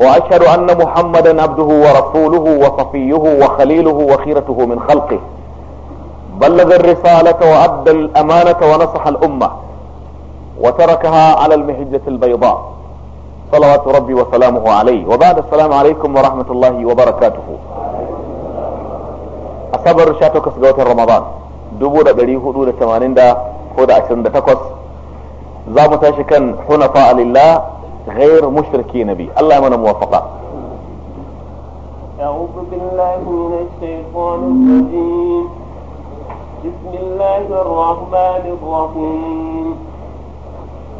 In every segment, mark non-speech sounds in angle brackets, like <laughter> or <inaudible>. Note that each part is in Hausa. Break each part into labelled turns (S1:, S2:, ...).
S1: واشهد ان محمدا عبده ورسوله وصفيه وخليله وخيرته من خلقه بلغ الرسالة وأدى الأمانة ونصح الأمة وتركها على المهجة البيضاء صلوات ربي وسلامه عليه وبعد السلام عليكم ورحمة الله وبركاته أصبر شاتك كسقوة رمضان دبور دا قريه دو دا ثمانين دا خود عشرين دا تكوس زامتاشكا حنفاء لله غير مشركين به الله يمنى موافقا
S2: أعوذ بالله من الشيطان الرجيم بسم الله الرحمن الرحيم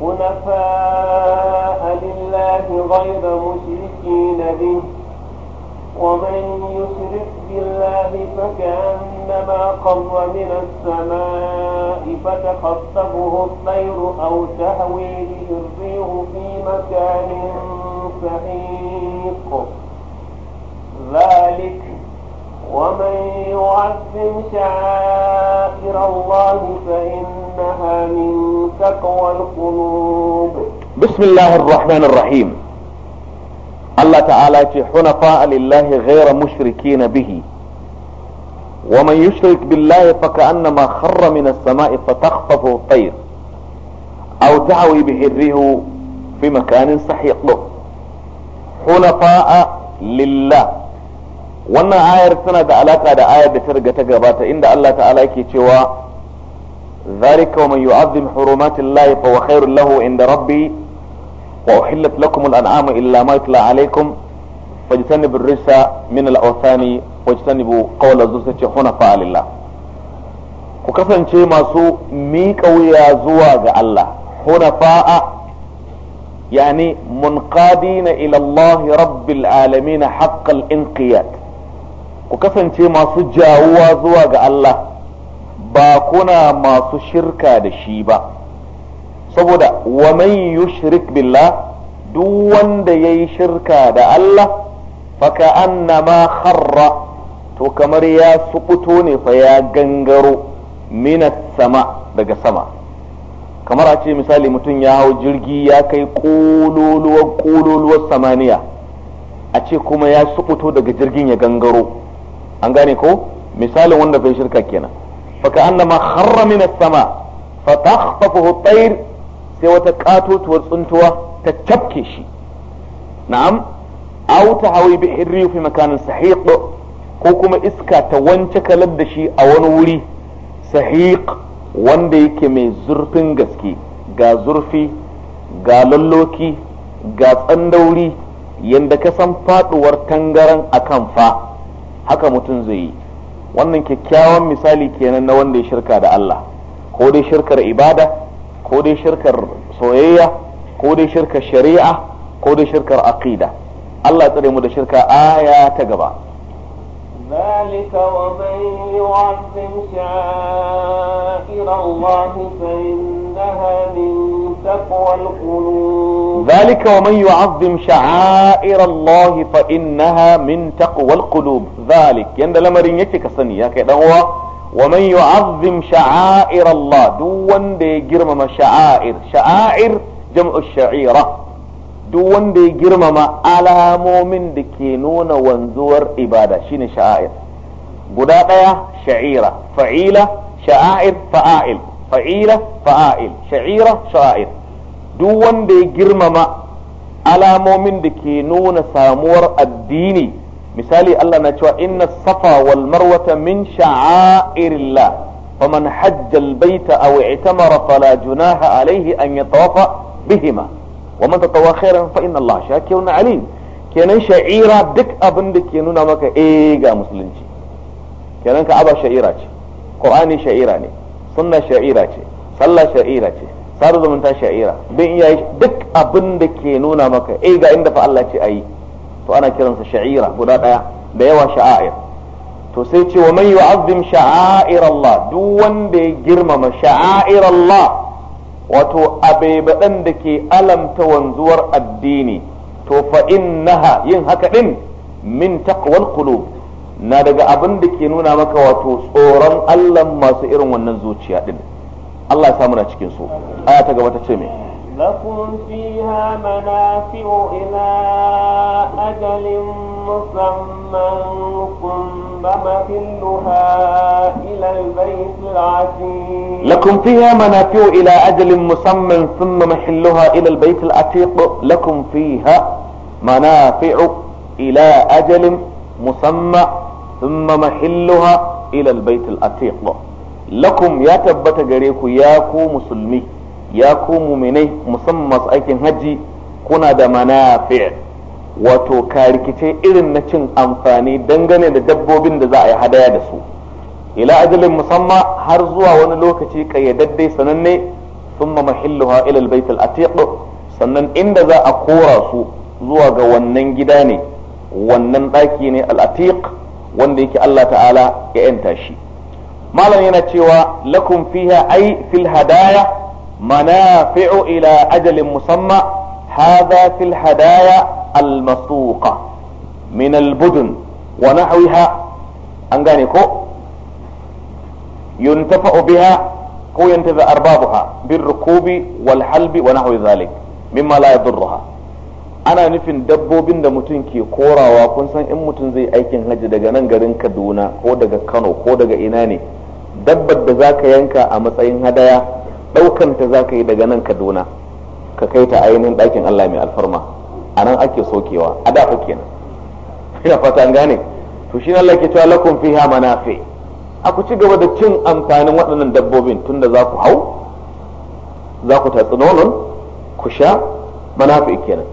S2: حنفاء لله غير مشركين به ومن يشرك بالله فكأنما قر من السماء فتخطفه الطير أو تهوي به الريح في مكان سحيق ذلك ومن يعظم شعائر الله فإنها من تقوى القلوب
S1: بسم الله الرحمن الرحيم Allah ta'ala ce hunafa lillahi ghayra mushrikina bihi wa man yushrik billahi fa ka'annama kharra min as-sama'i fatakhtafu at-tayr aw ta'wi bihi ar-rihu fi makanin sahiq hunafa lillah wannan ayar tana da alaka da ayar da ta riga ta gabata inda Allah ta'ala yake cewa ذلك ومن يعظم حرمات الله فهو خير له عند ربه وأحلت لكم الأنعام إلا ما يتلى عليكم فاجتنبوا الرجس من الأوثان واجتنبوا قول الزوجة حنفاء لله ku kasance masu miƙa wuya zuwa ga Allah hunafa'a yani munqadina ila Allah rabbil alamin haqqal inqiyad ku kasance masu jawuwa zuwa ga Allah ba kuna masu shirka da shi ba saboda wa man yushrik billah duk wanda yayi shirka da Allah ka annama kharra to kamar ya subuto ne fa ya gangaro minas sama daga sama kamar a ce misali mutum ya hau jirgi ya kai kololuwar kololuwar samaniya a ce kuma ya subuto daga jirgin ya gangaro an gane ko misalin wanda bai shirka kenan ka annama kharra minas sama fa takhtafuhu at-tayr sai wata katotuwar tsuntuwa ta cafke shi na'am auta ta hawi bi hirri fi makanin sahiq ko kuma iska ta wance kalar da shi a wani wuri sahiq wanda yake mai zurfin gaske ga zurfi ga lalloki ga tsandauri yadda ka san faduwar tangaran akan fa haka mutum zai yi wannan kyakkyawan misali kenan na wanda ya shirka da Allah ko dai shirkar ibada ko dai shirkar soyayya ko dai shirkar shari'a ko dai shirkar aqida Allah tsare mu da shirka aya ta gaba
S2: ذلك ومن يعظم شعائر الله فإنها من تقوى القلوب
S1: ذلك ومن يعظم شعائر الله فإنها من تقوى القلوب ذلك يند لمرين يكي كسني يا كي wa man yu'azzim sha'air Allah duk wanda ya girmama sha'air sha'air jam'u sha'ira duk wanda ya girmama alamomin da ke nuna wanzuwar ibada shine sha'air guda daya sha'ira fa'ila sha'air fa'ail fa'ila fa'ail sha'ira sha'air duk wanda ya girmama alamomin da ke nuna samuwar addini misali Allah na cewa inna safa wal marwata min sha'airillah faman hajja albayta aw i'tamara fala junaha alayhi an yatawafa bihima wa man tatawwa khairan fa inna Allah shakirun alim kenan sha'ira duk abin da ke nuna maka eh ga musulunci kenan ka aba sha'ira ce qur'ani sha'ira ne sunna sha'ira ce sallah sha'ira ce sada zumunta sha'ira bin iyaye duk abin da ke nuna maka eh ga inda fa Allah ce ayi to ana kiransa sha'ira guda daya da yawa sha'air to sai ce wa man yu'azzim sha'air Allah duk wanda ya girmama sha'air Allah wato abaibadan da ke alamta wanzuwar addini to fa innaha yin haka din min taqwal qulub na daga abin da ke nuna maka wato tsoron Allah masu irin wannan zuciya din Allah ya samu na cikin su aya ta gaba ta ce me
S2: لكم فيها منافع
S1: إلى أجل مسمى ثم محلها إلى البيت العتيق لكم فيها منافع إلى أجل مسمى ثم محلها إلى البيت العتيق لكم فيها منافع إلى أجل مسمى ثم محلها إلى البيت العتيق لكم يا تبت جريكو ياكو مسلمي ya ku muminai musamman masu aikin hajji kuna da manafi wato rikice irin na cin amfani dangane da dabbobin da za a yi hadaya da su ila ajalin musamman har zuwa wani lokaci kayyadadde sananne thumma mahilluha ila albayt al-atiq sannan inda za a kora su zuwa ga wannan gida ne wannan daki ne al-atiq wanda yake Allah ta'ala ya yanta shi malam yana cewa lakum fiha ai fil hadaya منافع إلى أجل مسمى هذا في الهدايا المسوقة من البدن ونحوها أنغانيكو ينتفع بها كو ينتفع أربابها بالركوب والحلب ونحو ذلك مما لا يضرها ana nufin dabbobin da mutum ke korawa kun san in mutum zai aikin hajji daga nan garin kaduna ko daga kano ko daga ina ne dabbar da za ka yanka a matsayin hadaya daukan ta za ka yi daga nan kaduna ka kai ta ainihin ɗakin allah mai alfarma a nan ake sokewa a da kenan <laughs> ina fata an gane to shi allah ke cewa lakum fiha manafi a ku ci gaba da cin amfanin waɗannan dabbobin tunda za ku hau za ku tatsi nonon ku sha manafi kenan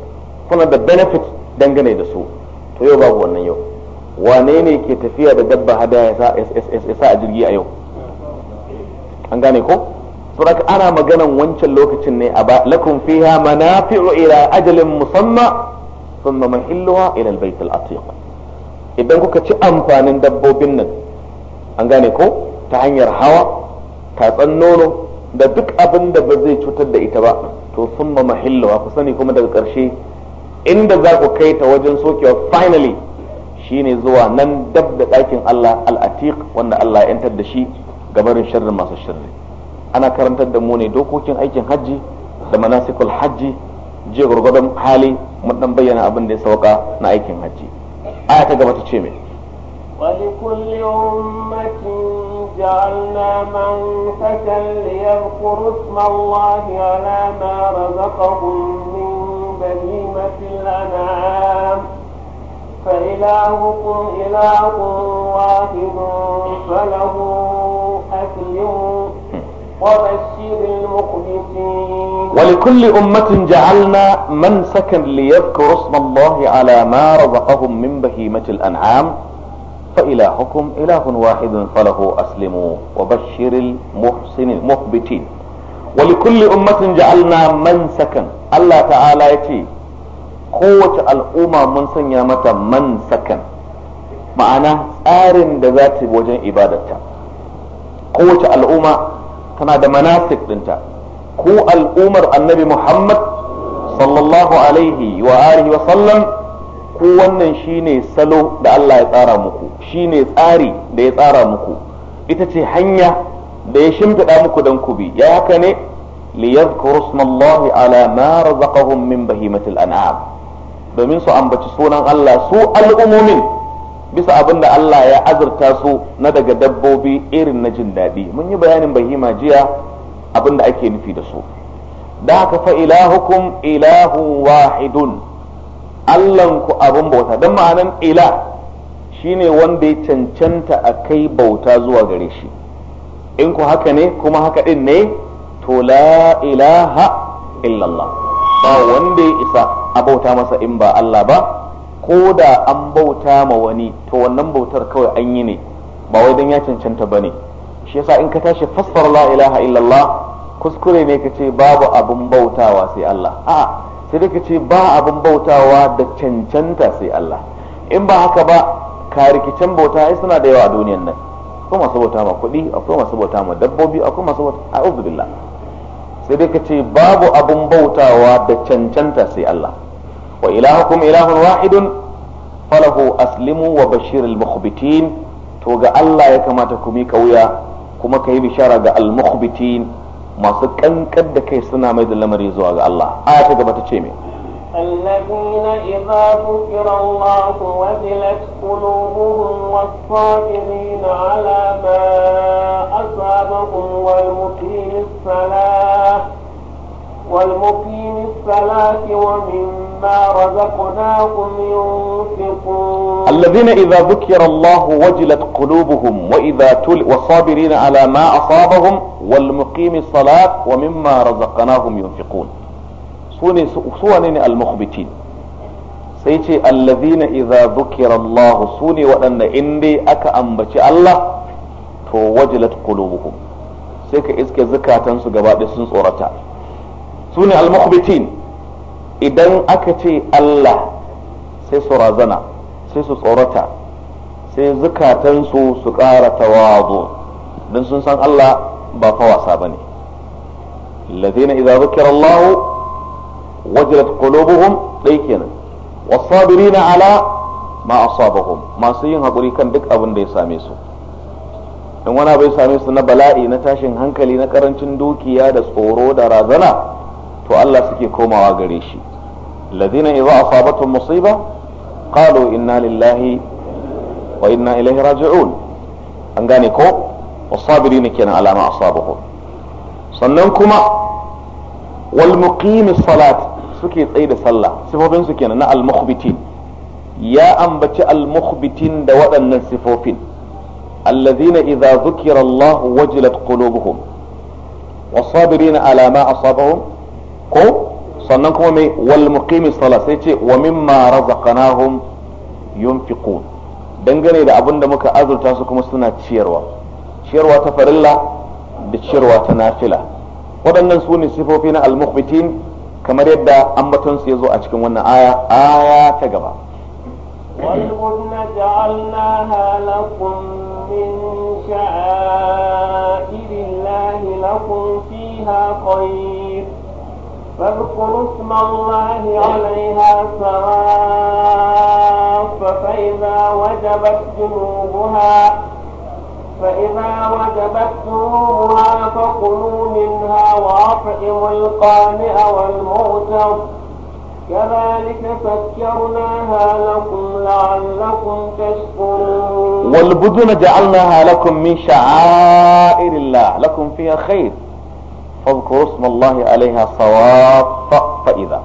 S1: kuna da benefit dangane da su to yau babu wannan yau wane ne ke tafiya da dabba hada ya sa a jirgi a yau an gane ko suraka ana maganan wancan lokacin ne a ba lakum fiha manafi'u ila ajalin musamma thumma mahilluha ila albayt al-atiq idan kuka ci amfanin dabbobin nan an gane ko ta hanyar hawa tatsan nono da duk abin da ba zai cutar da ita ba to thumma mahilluha ku sani kuma daga karshe inda za ku kai ta wajen sokewa finally shine zuwa nan dab da ɗakin Allah al-atiq wanda Allah ya yantar da shi gabarin sharrin masu sharri ana karantar da mu ne dokokin aikin hajji da manasikul hajji jiya gwargwadon hali mun dan bayyana abin da ya sauka na aikin hajji aya ta gaba ta ce mai
S2: ولكل أمة جعلنا منسكا ليذكروا اسم الله على ما رزقهم من بهيمة الأنعام فإلهكم إله واحد فله أسلموا
S1: ولكل أمة جعلنا منسكا ليذكروا اسم الله على ما رزقهم من بهيمة الأنعام فإلهكم إله واحد فله أسلموا وبشر المحسن المثبتين ولكل أمة جعلنا منسكا الله تعالى يتي قوة الأمة من سنيامة منسكا معنا أرن دذات وجن إبادتها قوة الأمة tana da manasik dinta ku al'umar annabi muhammad sallallahu alaihi wa alihi wa sallam ku wannan shine salo da Allah ya tsara muku shine tsari da ya tsara muku ita ce hanya da ya shimfiɗa muku dan ku bi ya haka ne liyadhkuru smallahi ala ma razaqahum min bahimatil an'am domin su ambaci sunan Allah su al'umumin bisa abin da Allah ya azurta su na daga dabbobi irin na jin daɗi mun yi bayanin bahima jiya abin da ake nufi da su da haka fa ilahukum ilahu wahidun ku abin bauta don ma'anan ila shine wanda ya cancanta a kai bauta zuwa gare shi in ku haka ne kuma haka ɗin ne to la ilaha illallah ba wanda ya isa a bauta masa in ba Allah ba ko da an bauta ma wani to wannan bautar kawai an yi ne ba wai don ya cancanta ba ne shi yasa in ka tashi fassara la ilaha illallah kuskure ne ka ce babu abin bautawa sai Allah a sai da ka ce ba abin bautawa da cancanta sai Allah in ba haka ba ka rikicin bauta ai suna da yawa a duniyan nan akwai masu bauta ma kuɗi akwai masu bauta ma dabbobi akwai masu bauta a'udhu billah sai dai ka ce babu abin bautawa da cancanta sai Allah wa kuma ilahun wahidun falahu aslimu wa bashiril mukhbitin to ga Allah ya kamata ku miƙa wuya kuma ka yi bishara ga al-mukhbitin masu kankar da kai suna mai da lamari zuwa ga Allah aya ta gaba ta ce me
S2: الذين إذا ذكر الله وجلت قلوبهم والصابرين على ما أصابهم ويقيم الصلاة والمقيم الصلاة ومما رزقناهم ينفقون
S1: الذين إذا ذكر الله وجلت قلوبهم وإذا تل والصابرين على ما أصابهم والمقيم الصلاة ومما رزقناهم ينفقون سوني المخبتين sai ce allazina idza dhukira Allah sune waɗanda in dai aka ambaci Allah to wajilat qulubuhum sai ka iske zukatansu gaba ɗaya sun tsorata su ne al idan aka ce Allah sai su razana sai su tsorata sai zukatansu su ƙara tawazu don sun san Allah ba fa wasa bane alladhina idza dhukira Allah wajilat qulubuhum dai kenan was-sabirina ala ma asabahum masu yin hakuri kan duk abin da ya same su in wani bai same su na bala'i na tashin hankali na karancin dukiya da tsoro da razana to Allah suke komawa gare shi ladina idza asabatuhum musiba qalu inna lillahi wa inna ilaihi raji'un an gane ko wasabirina kenan alama asabuhu. sannan kuma wal muqimi salat suke tsaye da sallah sifofin su kenan na al mukhbitin ya ambaci al mukhbitin da waɗannan sifofin الذين إذا ذكر الله وجلت قلوبهم والصابرين على ما أصابهم ko sannan kuma mai wal muqimi sala sai ce wa mimma razaqnahum yunfiqun dangane da abin da muka azurta su kuma suna ciyarwa ciyarwa ta farilla da ciyarwa ta nafila waɗannan su ne sifofi na almukhbitin kamar yadda ambaton su ya zo a cikin wannan aya aya ta gaba
S2: والبدن جعلناها لكم من شعائر الله لكم فيها خير فاذكروا اسم الله عليها صواف فإذا وجبت جنوبها فإذا وجبت جنوبها فكلوا منها وأطعموا القانع والمغتر كذلك فكرناها لكم لعلكم تشكرون
S1: والبدن جعلناها لكم من شعائر الله لكم فيها خير فاذكر اسم الله عليها صواف فإذا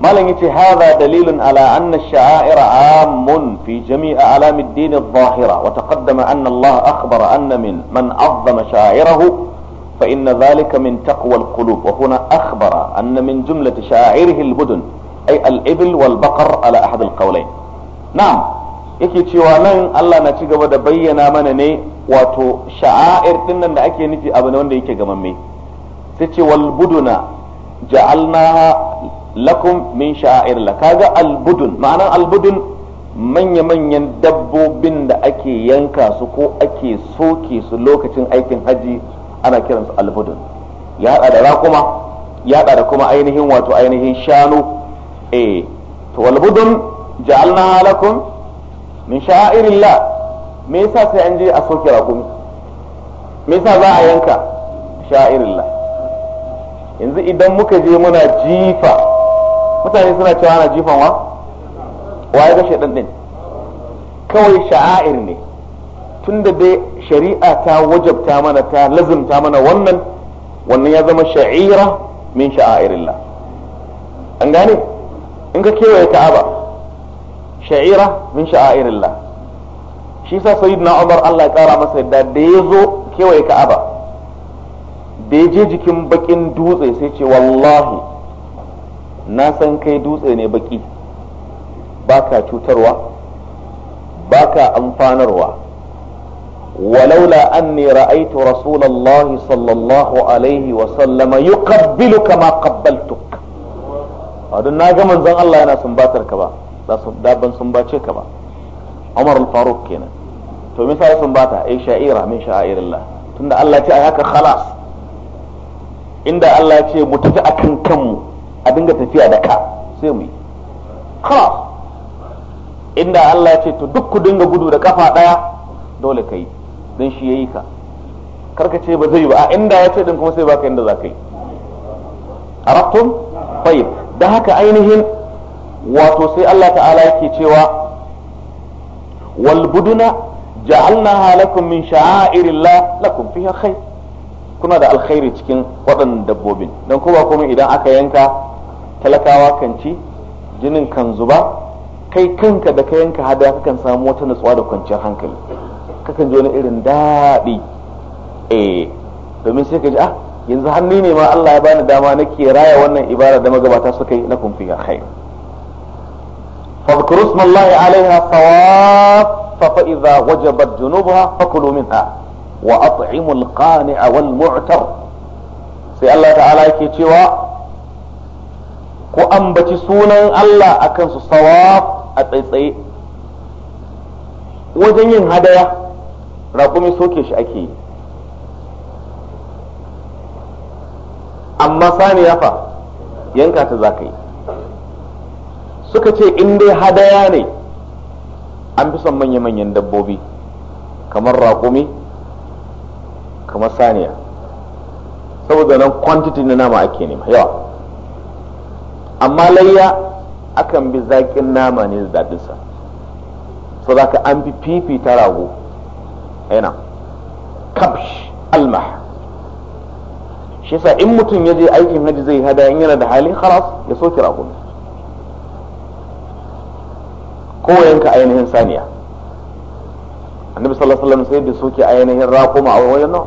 S1: ما لنجي هذا دليل على أن الشعائر عام في جميع أعلام الدين الظاهرة وتقدم أن الله أخبر أن من من عظم شعائره فإن ذلك من تقوى القلوب وهنا أخبر أن من جملة شعائره البدن أي الإبل والبقر على أحد القولين نعم yake cewa nan Allah na ci gaba da bayyana mana ne wato sha'air din da ake nufi abu ne wanda yake gamamme sai ce wal buduna ja'alnaha lakum min sha'air la kaga al budun ma'anan al budun manya manyan dabbobin da ake yanka su ko ake soke su lokacin aikin haji ana kiransu al budun ya hada da rakuma ya hada da kuma ainihin wato ainihin shanu eh to wal budun ja'alnaha lakum min sha'irillah me yasa sai an je a soke raƙumi me yasa za a yanka sha'irillah yanzu idan muka je muna jifa mutane suna cewa ana jifan wa waye ga shaidan din kawai sha'air ne tunda dai shari'a ta wajabta mana ta lazimta mana wannan wannan ya zama sha'ira min sha'airillah an gane in ka kewaye ka'aba sha'ira min sha'airillah shi sa sayyidina Umar Allah ya kara masa yadda da ya zo kewaye Ka'aba da ya je jikin bakin dutse sai ce wallahi na san kai dutse ne baki baka cutarwa baka amfanarwa ولولا أني رأيت رسول الله صلى الله عليه وسلم يقبلك ما قبلتك هذا ناجم من زن الله أنا سنباتر كبا da ban sumbace ka ba Umar al-Faruq kenan to me sai bata ai sha'ira min sha'irillah tunda Allah ya ce ai haka khalas inda Allah ya ce mu tafi akan kanmu a dinga tafiya da ka sai mu yi khalas inda Allah ya ce to duk ku dinga gudu da kafa daya dole kai dan shi yayi ka karka ce ba zai ba a inda ya ce din kuma sai baka inda za ka yi arabtum tayyib da haka ainihin wato sai Allah ta'ala yake cewa wal buduna ja'alnaha lakum min sha'airillah lakum fiha khair kuna da alkhairi cikin waɗannan dabbobin dan ko ba idan aka yanka talakawa kan ci jinin kan zuba kai kanka da ka yanka hada kakan samu wata nutsuwa da kwanciyar hankali kakan ji wani irin daɗi eh domin sai ka ji ah yanzu hannu ne ma Allah ya bani dama nake raya wannan ibara da magabata suka yi lakum kun fiha khair فاذكروا اسم الله عليها صواف فإذا وجبت جنوبها فكلوا منها وأطعموا القانع والمعتر سي الله تعالى يكي تيوا كأنبت سونا الله أكن صواف أتيسي وجنين هدايا رقمي سوكيش أكي أما ثانية فا ينكا تزاكي suka ce in dai hadaya ne an fi son manya-manyan dabbobi kamar raƙumi kamar saniya saboda nan kwantiti na nama ake nema yawa amma layya akan bi zaƙin nama ne da daɗinsa so za ka an fi fifita rago yana kabsh alma shi yasa in mutum ya je aikin hajji zai hada in yana da halin haras ya soke rago ko yanka ainihin saniya annabi sallallahu alaihi wasallam sai da soke ainihin raƙuma a wajen nan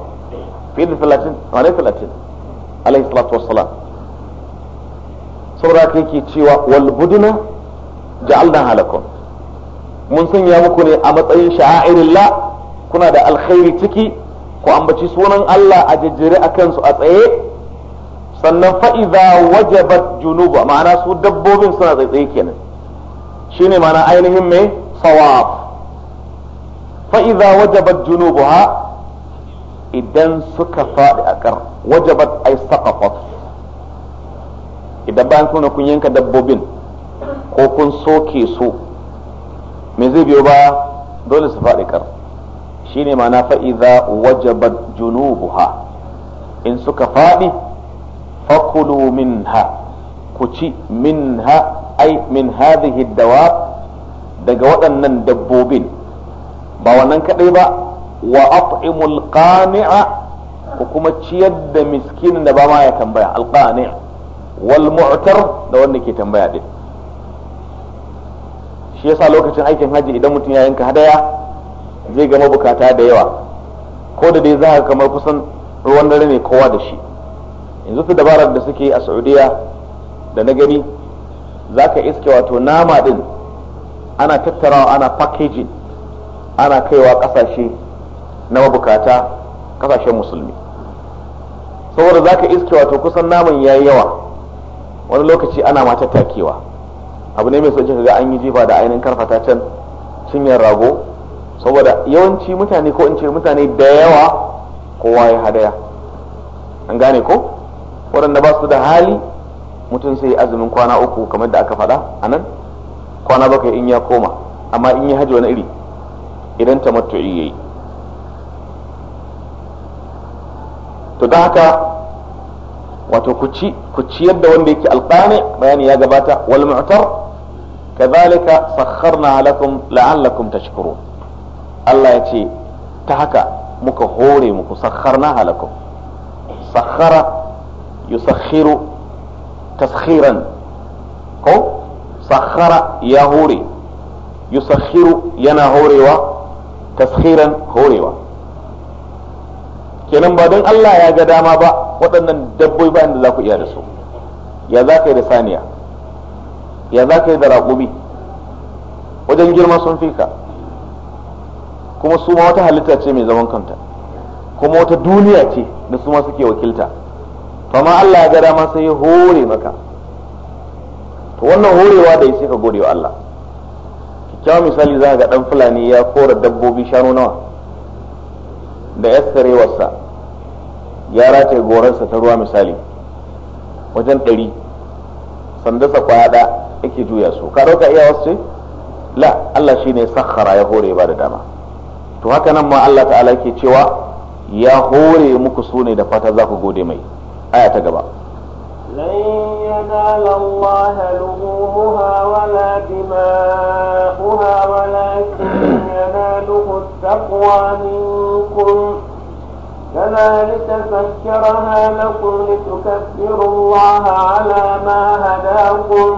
S1: fil filatin wani filatin alaihi salatu wassalam saboda ka yake cewa wal buduna ja'alna halakum mun sanya muku ne a matsayin sha'airillah kuna da alkhairi ciki ku ambaci sunan Allah a jejjere a kansu a tsaye sannan fa'iza wajabat junuba ma'ana su dabbobin suna tsaitsaye kenan shine mana ainihin mai sawab fa'iza wajabat junubu ha idan suka faɗi a kar wajabat ay saqafat idan bayan kuna kun yanka dabbobin ko kun soke su me zai biyo ba dole su faɗi kar shine mana fa idza wajabat ha in suka faɗi fakulu minha ku ci minha ai min hadhihi dawab daga waɗannan dabbobin ba wannan kadai ba wa at'imul qani'a ko kuma ciyar da miskinin da ba ma ya tambaya alqani' wal mu'tar da wanda ke tambaya din shi yasa lokacin aikin haji idan mutum ya yanka hadaya zai ga mabukata da yawa ko da dai za ka kamar kusan ruwan dare ne kowa da shi yanzu su dabarar da suke a saudiya da na gani za ka iske wato nama din ana tattarawa ana packaging ana kaiwa kasashe na mabukata kasashen musulmi saboda za ka iske wato kusan naman ya yi yawa wani lokaci ana ma tattakewa abu ne mai sauki ga an yi jifa da ainihin karfata can cinyar rago saboda yawanci mutane ko in ce mutane da yawa kowa ya hadaya an gane ko waɗanda ba su da hali mutum sai azumin kwana uku kamar da aka faɗa a nan kwana bakwai in ya koma amma in yi haji wani iri idan tamattu'i yayi to da haka wato ku ci ku da wanda yake alqani bayani ya gabata wal mu'tar kadhalika sakharna lakum la'allakum tashkuru. Allah ya ce ta haka muka hore muku sakharna lakum sakhara yusakhiru taskhiran ko sakhara ya hore yusakhiru yana horewa taskhiran horewa kenan ba don Allah ya ga dama ba waɗannan dabbobi ba inda za ku iya da su ya za ka yi da saniya ya za ka yi da raƙumi wajen girma sun fi ka kuma su ma wata halitta ce mai zaman kanta kuma wata duniya ce da su ma suke wakilta kama Allah ya gada dama sai ya hore maka to wannan horewa da sai ka gode wa Allah kyakkyawan misali za ga dan fulani ya kora dabbobi shanu nawa da ya wasa ya rataye goransa ta ruwa misali wajen ɗari sa kwada yake juya su ka ɗauka iya wasu ce la Allah shine sakhara ya hore ba da dama to haka nan ma Allah ta'ala ke cewa ya hore muku su ne da fata za ku gode mai آية ta لن
S2: ينال الله لحومها ولا دماؤها ولكن يناله التقوى منكم كذلك فكرها لكم لتكبروا الله على ما هداكم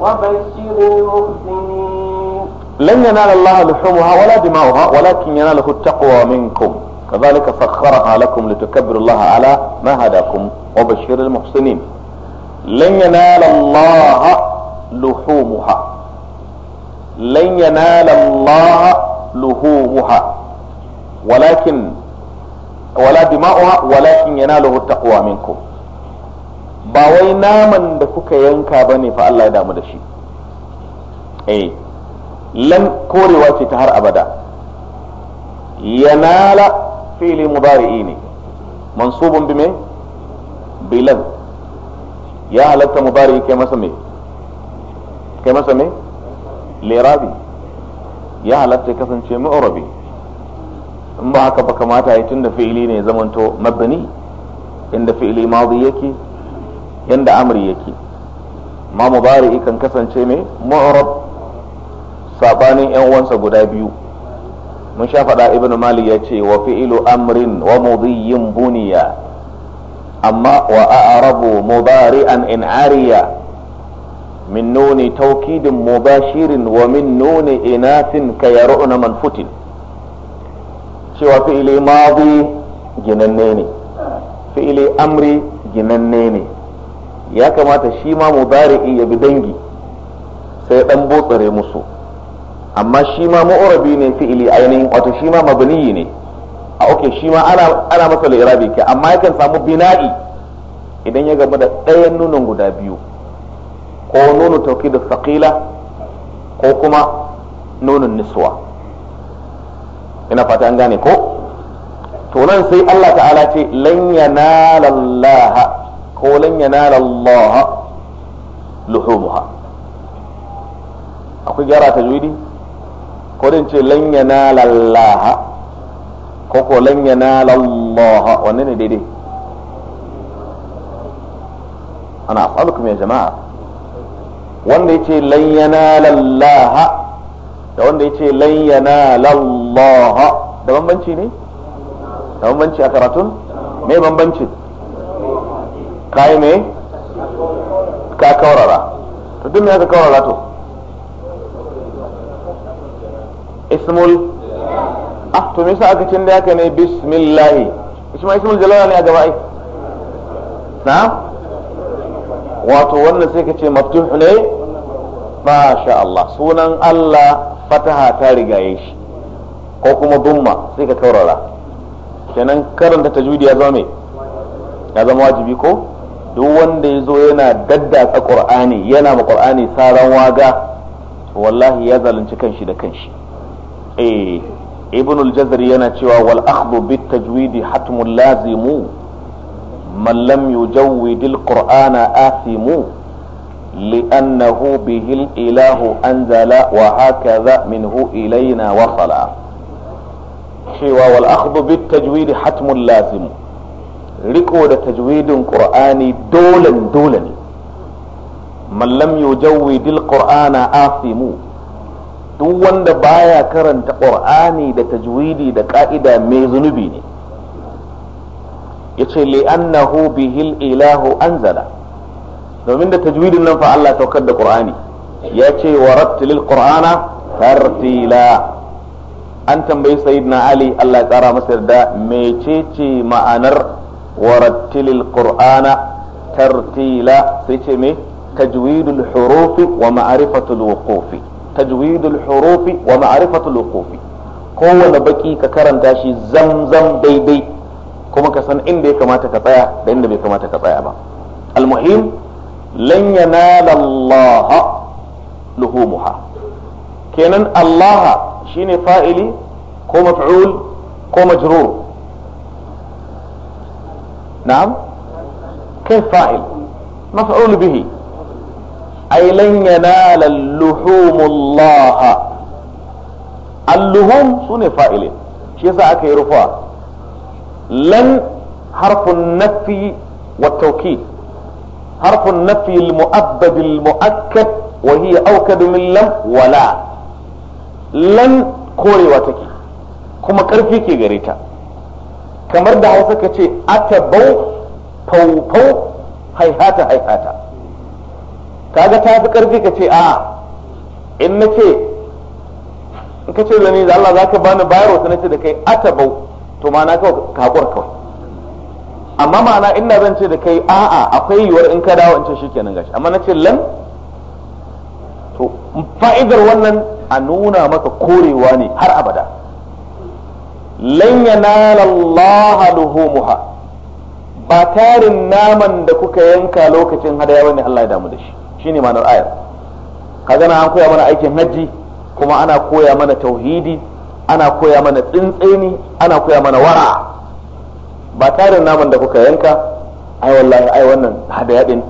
S2: وبشر المحسنين
S1: لن ينال الله لحومها ولا دماؤها ولكن يناله التقوى منكم كذلك سخرها لكم لتكبروا الله على ما هداكم وبشر المحسنين لن ينال الله لحومها لن ينال الله لحومها ولكن ولا دماؤها ولكن يناله التقوى منكم ba wai naman da kuka yanka ba ne fa Allah ya damu da shi eh lan korewa ce ta har abada yanala fi'li mudari'i ne mansubun bi me bilan ya halatta mudari'i kai masa me kai masa me lirabi ya halatta kasance mu'rabi in ba haka ba kamata ya tunda fili ne zamanto mabani? inda fili madi yake inda amri yake ma mudari'i kan kasance me mu'rab sabanin yan uwansa guda biyu mun sha faɗa ibn malik ya ce wa fi'ilu amrin wa mudiyyin buniya amma wa a'rabu mudari'an in ariya min nuni taukidin mubashirin wa min nuni inasin ka yar'una man futin cewa fi'ili madi ginanne ne fi'ili amri ginanne ne ya kamata shi ma mubari'i ya bi dangi sai dan botsare musu amma shi ma mu'arabi ne fi'ili ainihin wato shi ma mabniyi ne a oke shi ma ana ana masa lirabi ke amma yakan samu bina'i idan ya gaba da ɗayan nunan guda biyu ko nunu da saƙila ko kuma nunun niswa ina fata an gane ko to nan sai Allah ta'ala ce lan yanala Allah ko lan yanala Allah luhumuha akwai gyara tajwidi ko ce lanya na lallaha ko ko lanya na lallaha wanne ne daidai ana afalukum ya jama'a wanda ce lanya na lallaha da wanda ce lanya na lallaha da bambanci ne da bambanci a karatun me bambanci kayi me ka kawarara to duk me aka kaurara to ismul ah to me aka cin da haka ne bismillah isma ismul jalala ne a gaba ai na wato wannan sai ka maftuh ne sha Allah sunan Allah fataha ta rigaye shi ko kuma dumma sai ka kaurara kenan karanta tajwidi ya zama me ya zama wajibi ko duk wanda ya zo yana daddatsa qur'ani yana ma qur'ani saran waga wallahi ya zalunci kanshi da kanshi ايه ابن jazari ينا cewa wal بالتجويد حتم لازم من لم يجود القران اثم لأنه به الإله أنزل وهكذا منه إلينا وصل شوا والأخذ بالتجويد حتم لازم ركو تجويد قرآن دولا دولا من لم يجود القرآن اثم duk wanda baya karanta qur'ani da tajwidi da ƙa'ida mai zunubi ne yace li'annahu bihil ilahu anzala domin da tajwidin nan fa Allah saukar da qur'ani ya ce wa rattilil qur'ana tartila an tambayi sayyidina ali Allah ya tsara masa yarda mecece ma'anar wa rattilil qur'ana tartila sai ce me tajwidul hurufi wa ma'rifatul wuqufi tajwidul hurufi wa ma'rifatul wuqufi kowane baki ka karanta shi zamzam daidai kuma kasan inda ya kamata ka tsaya da inda bai kamata ka tsaya ba almuhim lan yanala Allah luhumuha kenan allaha shine fa'ili ko maf'ul ko majrur na'am kai fa'il maf'ul bihi ai lan yanala luhumullah alluhum sune fa'ilin shi yasa aka yi rufa lan harfun nafi wa tawkid harfun nafi al-mu'abbad al-mu'akkad wa hiya awkad min lam lan korewa take kuma karfi ke gare ta kamar da hausa ka ce atabau faufau haihata haihata kaga ta fi karfi ka ce a in na ce in ka ce zane da Allah za ka bani wata na ce da kai atabau to ma na kawai kakura kawai amma ma'ana ina zan ce da kai a'a akwai yiwuwar in ka dawo in ce shi kenan gashi amma na ce lan to fa'idar wannan a nuna maka korewa ne har abada lan yanala Allah luhumuha ba tarin naman da kuka yanka lokacin hadaya bane Allah ya damu da shi shine ma'anar ayar kaga na an koya mana aikin hajji kuma ana koya mana tauhidi ana koya mana tsintsini ana koya mana wara ba tarin naman da kuka yanka ai wallahi ai wannan hada yadin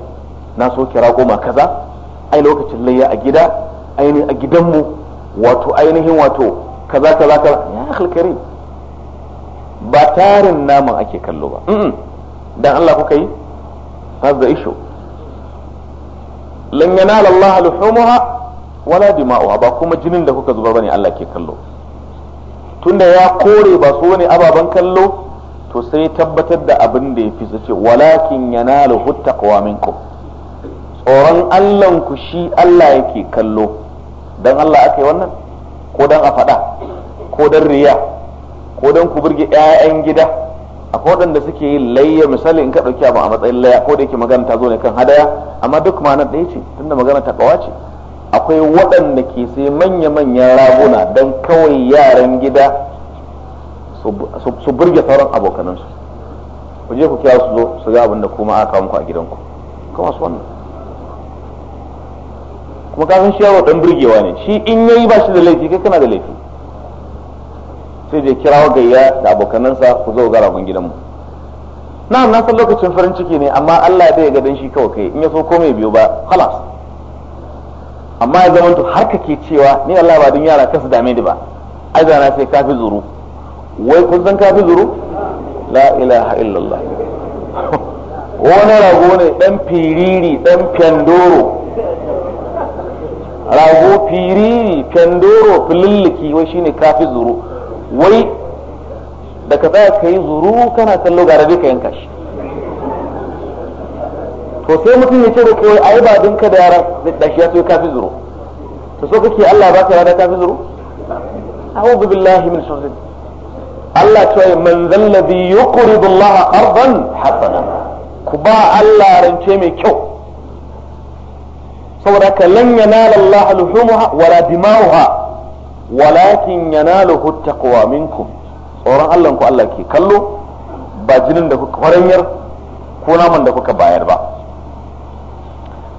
S1: na so kira goma kaza ai lokacin layya a gida ainihin a gidanmu wato ainihin wato kaza kaza kaza ya halkari ba tarin naman ake kallo ba dan Allah kuka yi that's the issue lan yanala Allah luhumuha wala dima'uha ba kuma jinin da kuka zubar bane Allah ke kallo tunda ya kore ba su wani ababen kallo to sai tabbatar da abin da ya su ce walakin yanaluhu taqwa minkum tsoron Allahn shi Allah yake kallo dan Allah aka yi wannan ko dan a fada ko dan riya ko dan ku burge 'ya'yan gida akwai waɗanda suke yi layya misali in ka ɗauki abu a matsayin layya ko da yake magana ta zo ne kan hadaya amma duk ma'anar ɗaya ce tunda magana ta ƙawa ce akwai waɗanda ke sai manya-manyan raguna don kawai yaran gida su burge sauran abokanansu ku je ku kira su zo su ga abin da kuma aka muku a gidanku kuma su wannan kuma kafin shi yaro dan burgewa ne shi in yayi ba shi da laifi kai kana da laifi sai da kirawo gayya da abokanansa ku zo gara mun gidanmu na'am na san lokacin farin ciki ne amma Allah bai ga dan shi kawai kai in ya so komai biyo ba halas amma ya zamanto har ke cewa ni Allah ba dun yara kasu dame ni ba ai na sai kafi zuru wai kun san kafi zuru la ilaha illallah <laughs> wani rago ne dan firiri dan fendoro rago firiri fendoro fililliki wai shine kafi zuru wai da ka tsaya ka yi zuru kana kallo garabe ka yanka shi to sai mutum ya ce da kawai yi ba dinka da yara da shi ya so kafi zuru to so kake Allah ba ka da kafi zuru a'udhu billahi min shirri Allah ta yi man zallabi yuqridu Allah ardan hasana ku ba Allah rance mai kyau saboda ka lan yanala Allah luhumuha wala dima'uha walakin yanaluhu taqwa minkum tsoron Allah ku Allah ke kallo ba jinin da kuka faranyar ko naman da kuka bayar ba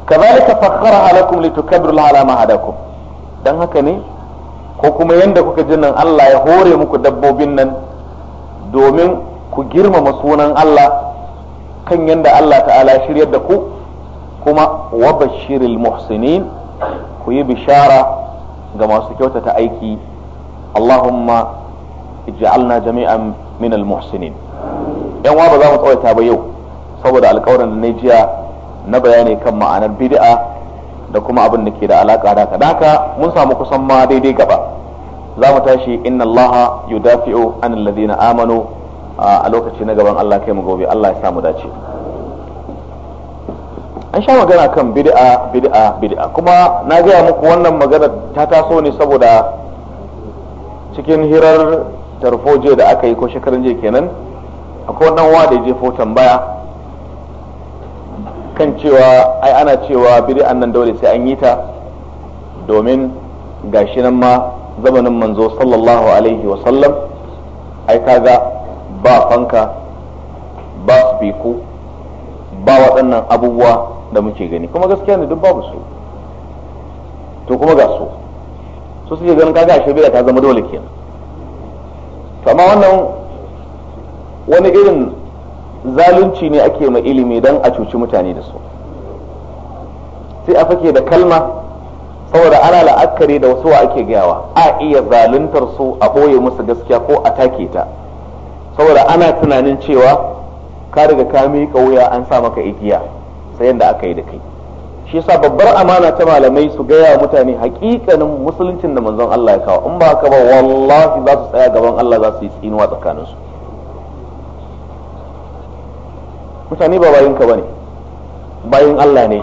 S1: kazalika fakhara alaikum litukabbiru ala ma hadakum dan haka ne ko kuma yanda kuka jinin Allah ya hore muku dabbobin nan domin ku girmama sunan Allah kan yanda Allah ta'ala shiryar da ku kuma wa bashiril muhsinin ku yi bishara ga masu kyautata aiki Allahumma ij'alna jami'an min al-muhsinin yan ba za mu tsawaita ba yau saboda alƙawarin da na jiya na bayani kan ma'anar bid'a da kuma abin da ke da alaka da haka haka mun samu kusan ma daidai gaba za mu tashi inna allaha yudafi'u an alladhina amanu a lokaci na gaban Allah kai mu gobe Allah ya samu dace an sha magana kan bid'a bid'a bid'a kuma na gaya muku wannan magana ta taso ne saboda cikin hirar tarfoje da aka yi ko shekarun je kenan akwai wannan wa da ya jefo tambaya kan cewa ai ana cewa bid'an nan dole sai an yi ta domin gashi nan ma zamanin manzo sallallahu alaihi wa sallam ai kaga ba fanka ba spiku ba waɗannan abubuwa da muke gani kuma gaskiya ne duk babu su to kuma ga su su suke ganin kaga ashe bida ta zama dole kenan to amma wannan wani irin zalunci ne ake ma ilimi don a cuci mutane da su sai a fake da kalma saboda ana la'akari da wasu ake gayawa a iya zaluntar su a ɓoye musu gaskiya ko a take ta saboda ana tunanin cewa ka riga ka miƙa wuya an sa maka igiya sai yanda aka yi da kai shi yasa babbar amana ta malamai su gaya mutane hakikanin musuluncin da manzon Allah ya kawo in ba haka ba wallahi za su tsaya gaban Allah za su yi tsinuwa tsakanin su mutane ba bayin ka bane bayin Allah ne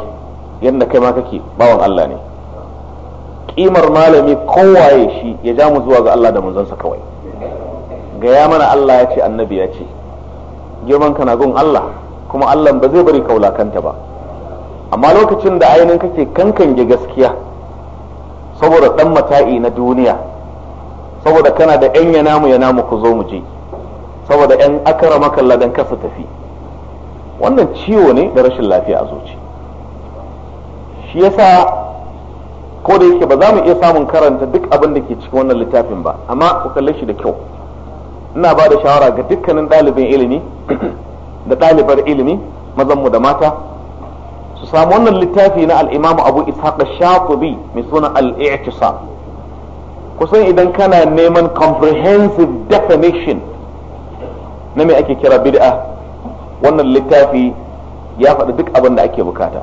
S1: yadda kai ma kake bawan Allah ne kimar malami kowaye shi ya ja mu zuwa ga Allah da sa kawai gaya mana Allah ya ce annabi ya ce girman kana gun Allah kuma Allah ba zai bari ka wulakanta ba amma lokacin da ainihin kake kankange gaskiya saboda dan mata'i na duniya saboda kana da yan yanamu mu yana mu ku zo mu je saboda yan akara makalla dan kasa tafi wannan ciwo ne da rashin lafiya a zuci shi yasa ko da yake ba za mu iya samun karanta duk abin da ke cikin wannan littafin ba amma ku kalle shi da kyau ina ba da shawara ga dukkanin ɗalibin ilimi da ɗalibar ilimi mazanmu da mata su samu wannan littafi na al'imamu abu ishaq shatubi mai suna al'i'tisa kusan idan kana neman comprehensive definition na mai ake kira bid'a wannan littafi ya faɗi duk abin da ake bukata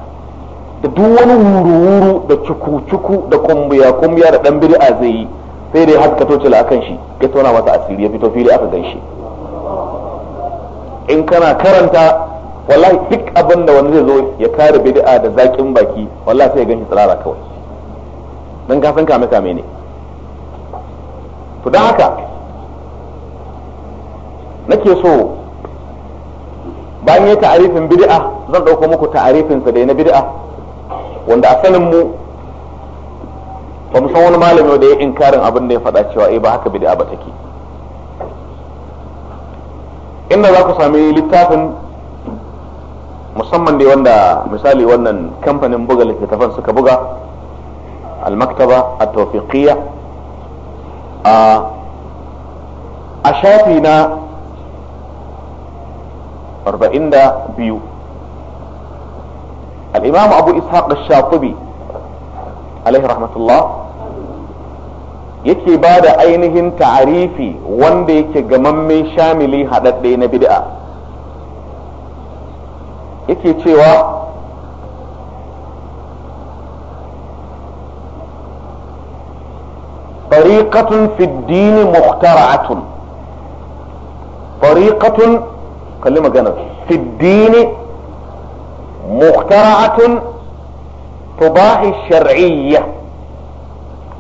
S1: da duk wani wuru-wuru da cuku-cuku da kumbiya-kumbiya da ɗan bid'a zai yi sai dai haska tocila akan shi ya tona masa asiri ya fito fili aka gan in kana karanta wallahi duk abin da wani zai zo ya kare bid'a da zakin baki wallahi sai ya ganshi tsirara kawai dan ka san kame kame ne to dan haka nake so bayan ya ta'arifin bid'a zan dauko muku ta'arifin sa da na bid'a wanda a sanin mu ba mu san wani malami da ya inkarin abin da ya faɗa cewa eh ba haka bid'a ba take inda za ku sami littafin musamman dai wanda misali wannan kamfanin buga littafan suka buga almaktaba a tawfiqiyya a shafi na 42 الإمام abu ishaq al عليه alaihi rahmatullah yake ba da ainihin ta'arifi wanda yake gamamme shamili haɗaɗɗe na bid'a yake cewa طريقة في الدين مخترعة طريقة كلمة جنب في الدين مخترعة تباهي الشرعية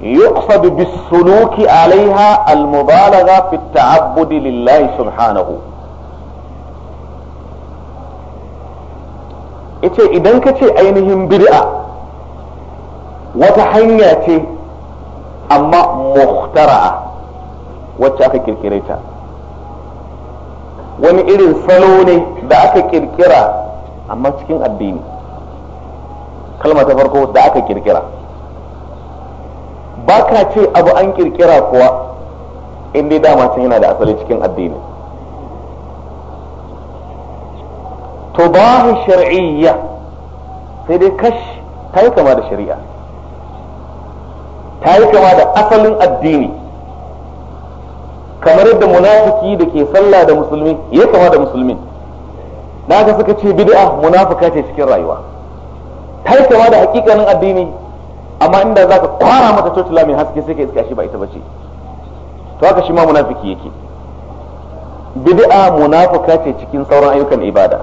S1: يقصد بالسلوك عليها المبالغة في التعبد لله سبحانه ita idan ka ce ainihin bid'a wata hanya ce amma muhtara'a wacce aka kirkire ta wani irin salo ne da aka kirkira amma cikin addini kalma ta farko da aka kirkira ba ka ce abu an kirkira kuwa inda dai dama can yana da asali cikin addini to ba shari'iyya sai dai kash ta yi kama da shari'a ta yi kama da asalin addini kamar yadda munafiki da ke sallah da musulmi ya kama da musulmi na ga suka ce bid'a munafuka ce cikin rayuwa ta yi kama da hakikanin addini amma inda zaka kwara mata totula mai haske sai ka iska shi ba ita bace to haka shi ma munafiki yake bid'a munafika ce cikin sauran ayyukan ibada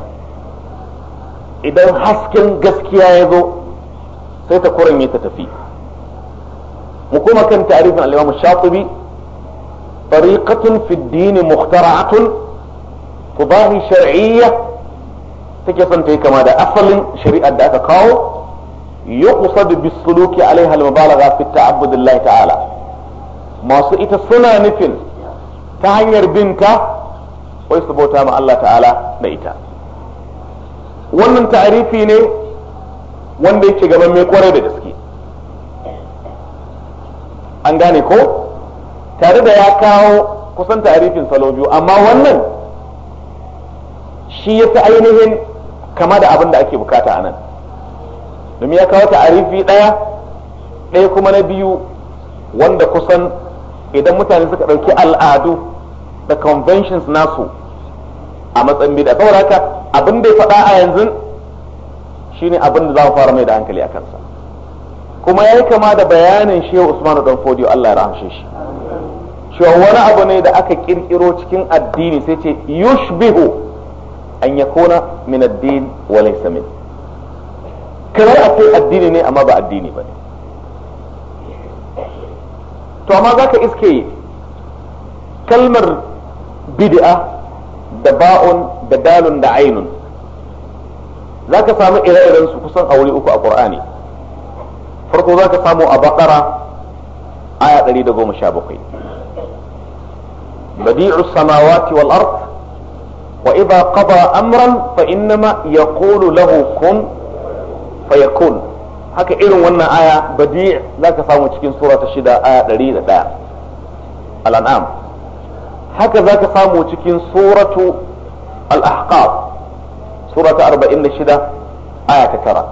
S1: idan hasken gaskiya ya zo sai ta kuranye ta tafi mu kuma kan tarihin al-Imam Shatibi طريقة muktaratun الدين مخترعة تضاهي شرعية take son ta yi kama da asalin shari'ar da aka kawo يقصد بالسلوك عليها alaiha في mubalagha الله تعالى ما ta'ala masu ita suna nufin ta hanyar binta تعالى su Allah ta'ala na ita wannan ta'arifi ne wanda yake gaban mai kwarai da gaske an gane ko tare da ya kawo kusan ta'arifin salo amma wannan shi ya fi ainihin kama da abin da ake bukata a nan domin ya kawo ta'arifi ɗaya ɗaya kuma na biyu wanda kusan idan mutane suka ɗauki al'adu da conventions nasu a matsayin bida saboda haka abin da ya faɗa a yanzu shine abin da za mu fara mai da hankali a kansa kuma ya yi kama da bayanin shehu usmanu dan fodiyo allah ya rahamshe shi cewa wani abu ne da aka kirkiro cikin addini sai ce yushbihu an yakuna min addini wa laysa min kamar akwai addini ne amma ba addini ba ne to amma za ka iske kalmar bid'a da ba'un da dalun da ainun za ka samu ire-iren su kusan wuri uku a ƙur'ani farko za ka samu a baƙara aya 117 badi'u samawati wal ard wa idha qada amran fa innama yaqulu lahu kun fayakun haka irin wannan aya badi za ka samu cikin sura ta shida aya ɗari da ɗaya al'an'am haka za ka samu cikin suratu al'ahqaf sura ta arba'in da shida aya ta tara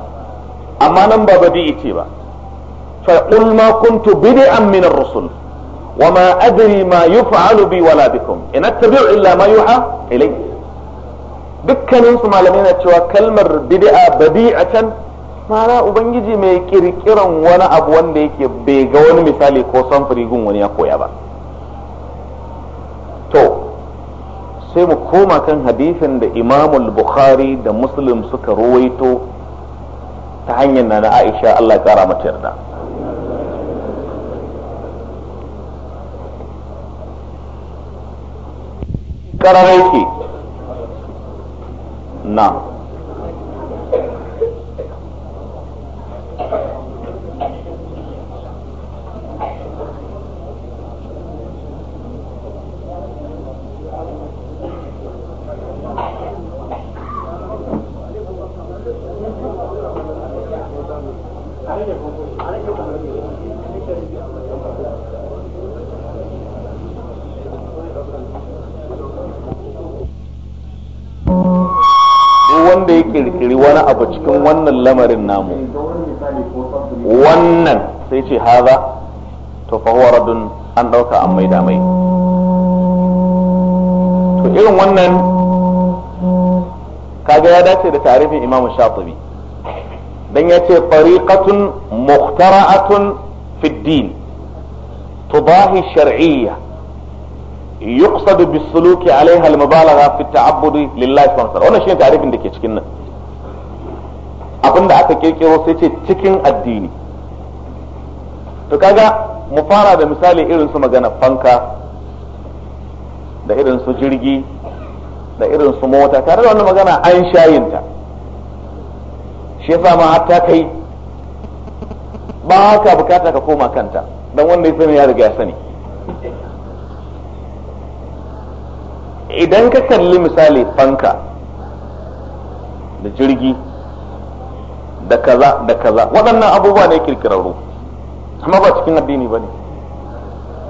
S1: amma nan ba badi ce ba فقل ما كنت بدعا wa ma وما ma ما يفعل wala ولا بكم إن أتبع إلا ما يوحى إليه dukkaninsu malamai na cewa kalmar bid'a badi'atan mana ubangiji mai kirkiran wani abu wanda yake bai ga wani misali ko samfuri gun wani ya koya ba to sai mu koma kan hadisin da imamul bukhari da muslim suka ruwaito ta hanyar na aisha allah ya kara mata yarda ƙararraiki na abu cikin wannan lamarin namu wannan sai ce haza to fa huwa raddun an dauka an maida mai to irin wannan kaga ya dace da tarihin imamu shafi dan ya ce tariqatun mukhtara'atun fi din tudahi shar'iyya يقصد بالسلوك عليها المبالغة في التعبد لله سبحانه وتعالى وانا شيء تعريف cikin nan abin da aka kirkiro sai ce cikin addini to kaga mu fara da misali irin su magana fanka da irin su jirgi da irin su mota tare da wannan magana an shayinta shi yasa ma hatta kai ba haka bukata ka koma kanta don wanda ya sani ya riga ya sani idan ka kalli misali fanka da jirgi da kaza da kaza waɗannan abubuwa ne kirkirarru amma ba cikin addini ba ne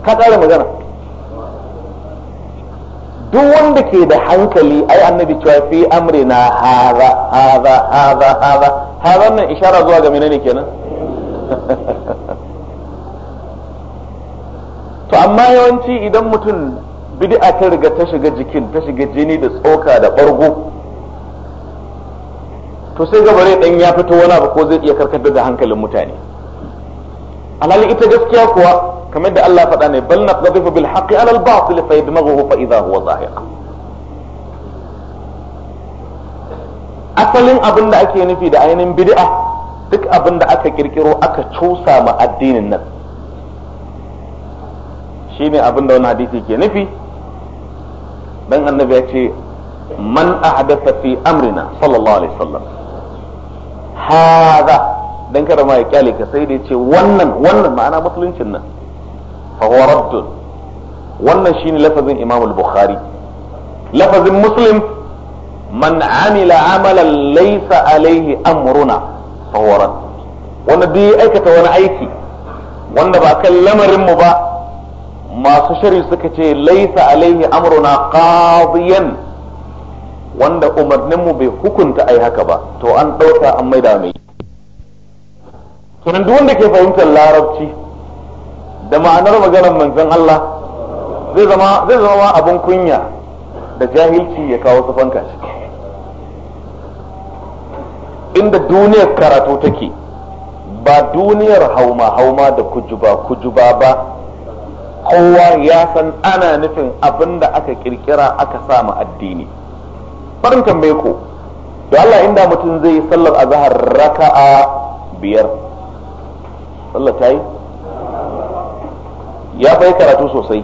S1: ka ƙara magana duk wanda ke da hankali ai annabi cewa fi amrina haza haza haza haza haza nan ishara zuwa ga menene kenan <laughs> to amma yawanci idan mutum bid'a ta riga ta shiga jikin ta shiga jini da tsoka da bargo to sai gabare dan ya fito wani abu ko zai iya karkatar da hankalin mutane alhali ita gaskiya kuwa kamar da Allah faɗa ne bal naqdhifu bil haqqi ala al batil fa yadmaghuhu fa idha huwa zahiq asalin abin da ake nufi da ainihin bid'a duk abin da aka kirkiro aka cusa ma addinin nan shine abin da wani hadisi ke nufi dan annabi ya ce man ahdatha fi amrina sallallahu alaihi wasallam hadha dan kada ma ya kyale ka sai da yace wannan wannan ma'ana musuluncin nan fa huwa raddun wannan shine lafazin Imam al-Bukhari lafazin Muslim man amila amalan laysa alaihi amruna fa huwa radd wanda aikata wani aiki wanda ba kan lamarin mu ba masu shari suka ce laysa alaihi amruna qadiyan wanda umarninmu bai hukunta ai haka ba to an ɗauka an maida mai sunan duk wanda ke fahimtar larabci da ma'anar maganar manzon Allah zai zama zai abin kunya da jahilci ya kawo sufanka shi inda duniyar karatu take ba duniyar hauma hauma da kujuba kujuba ba kowa ya san ana nufin abin da aka kirkira aka sa addini barin tambaye ku to Allah inda mutum zai sallar azhar raka'a biyar sallar tayi ya bai karatu sosai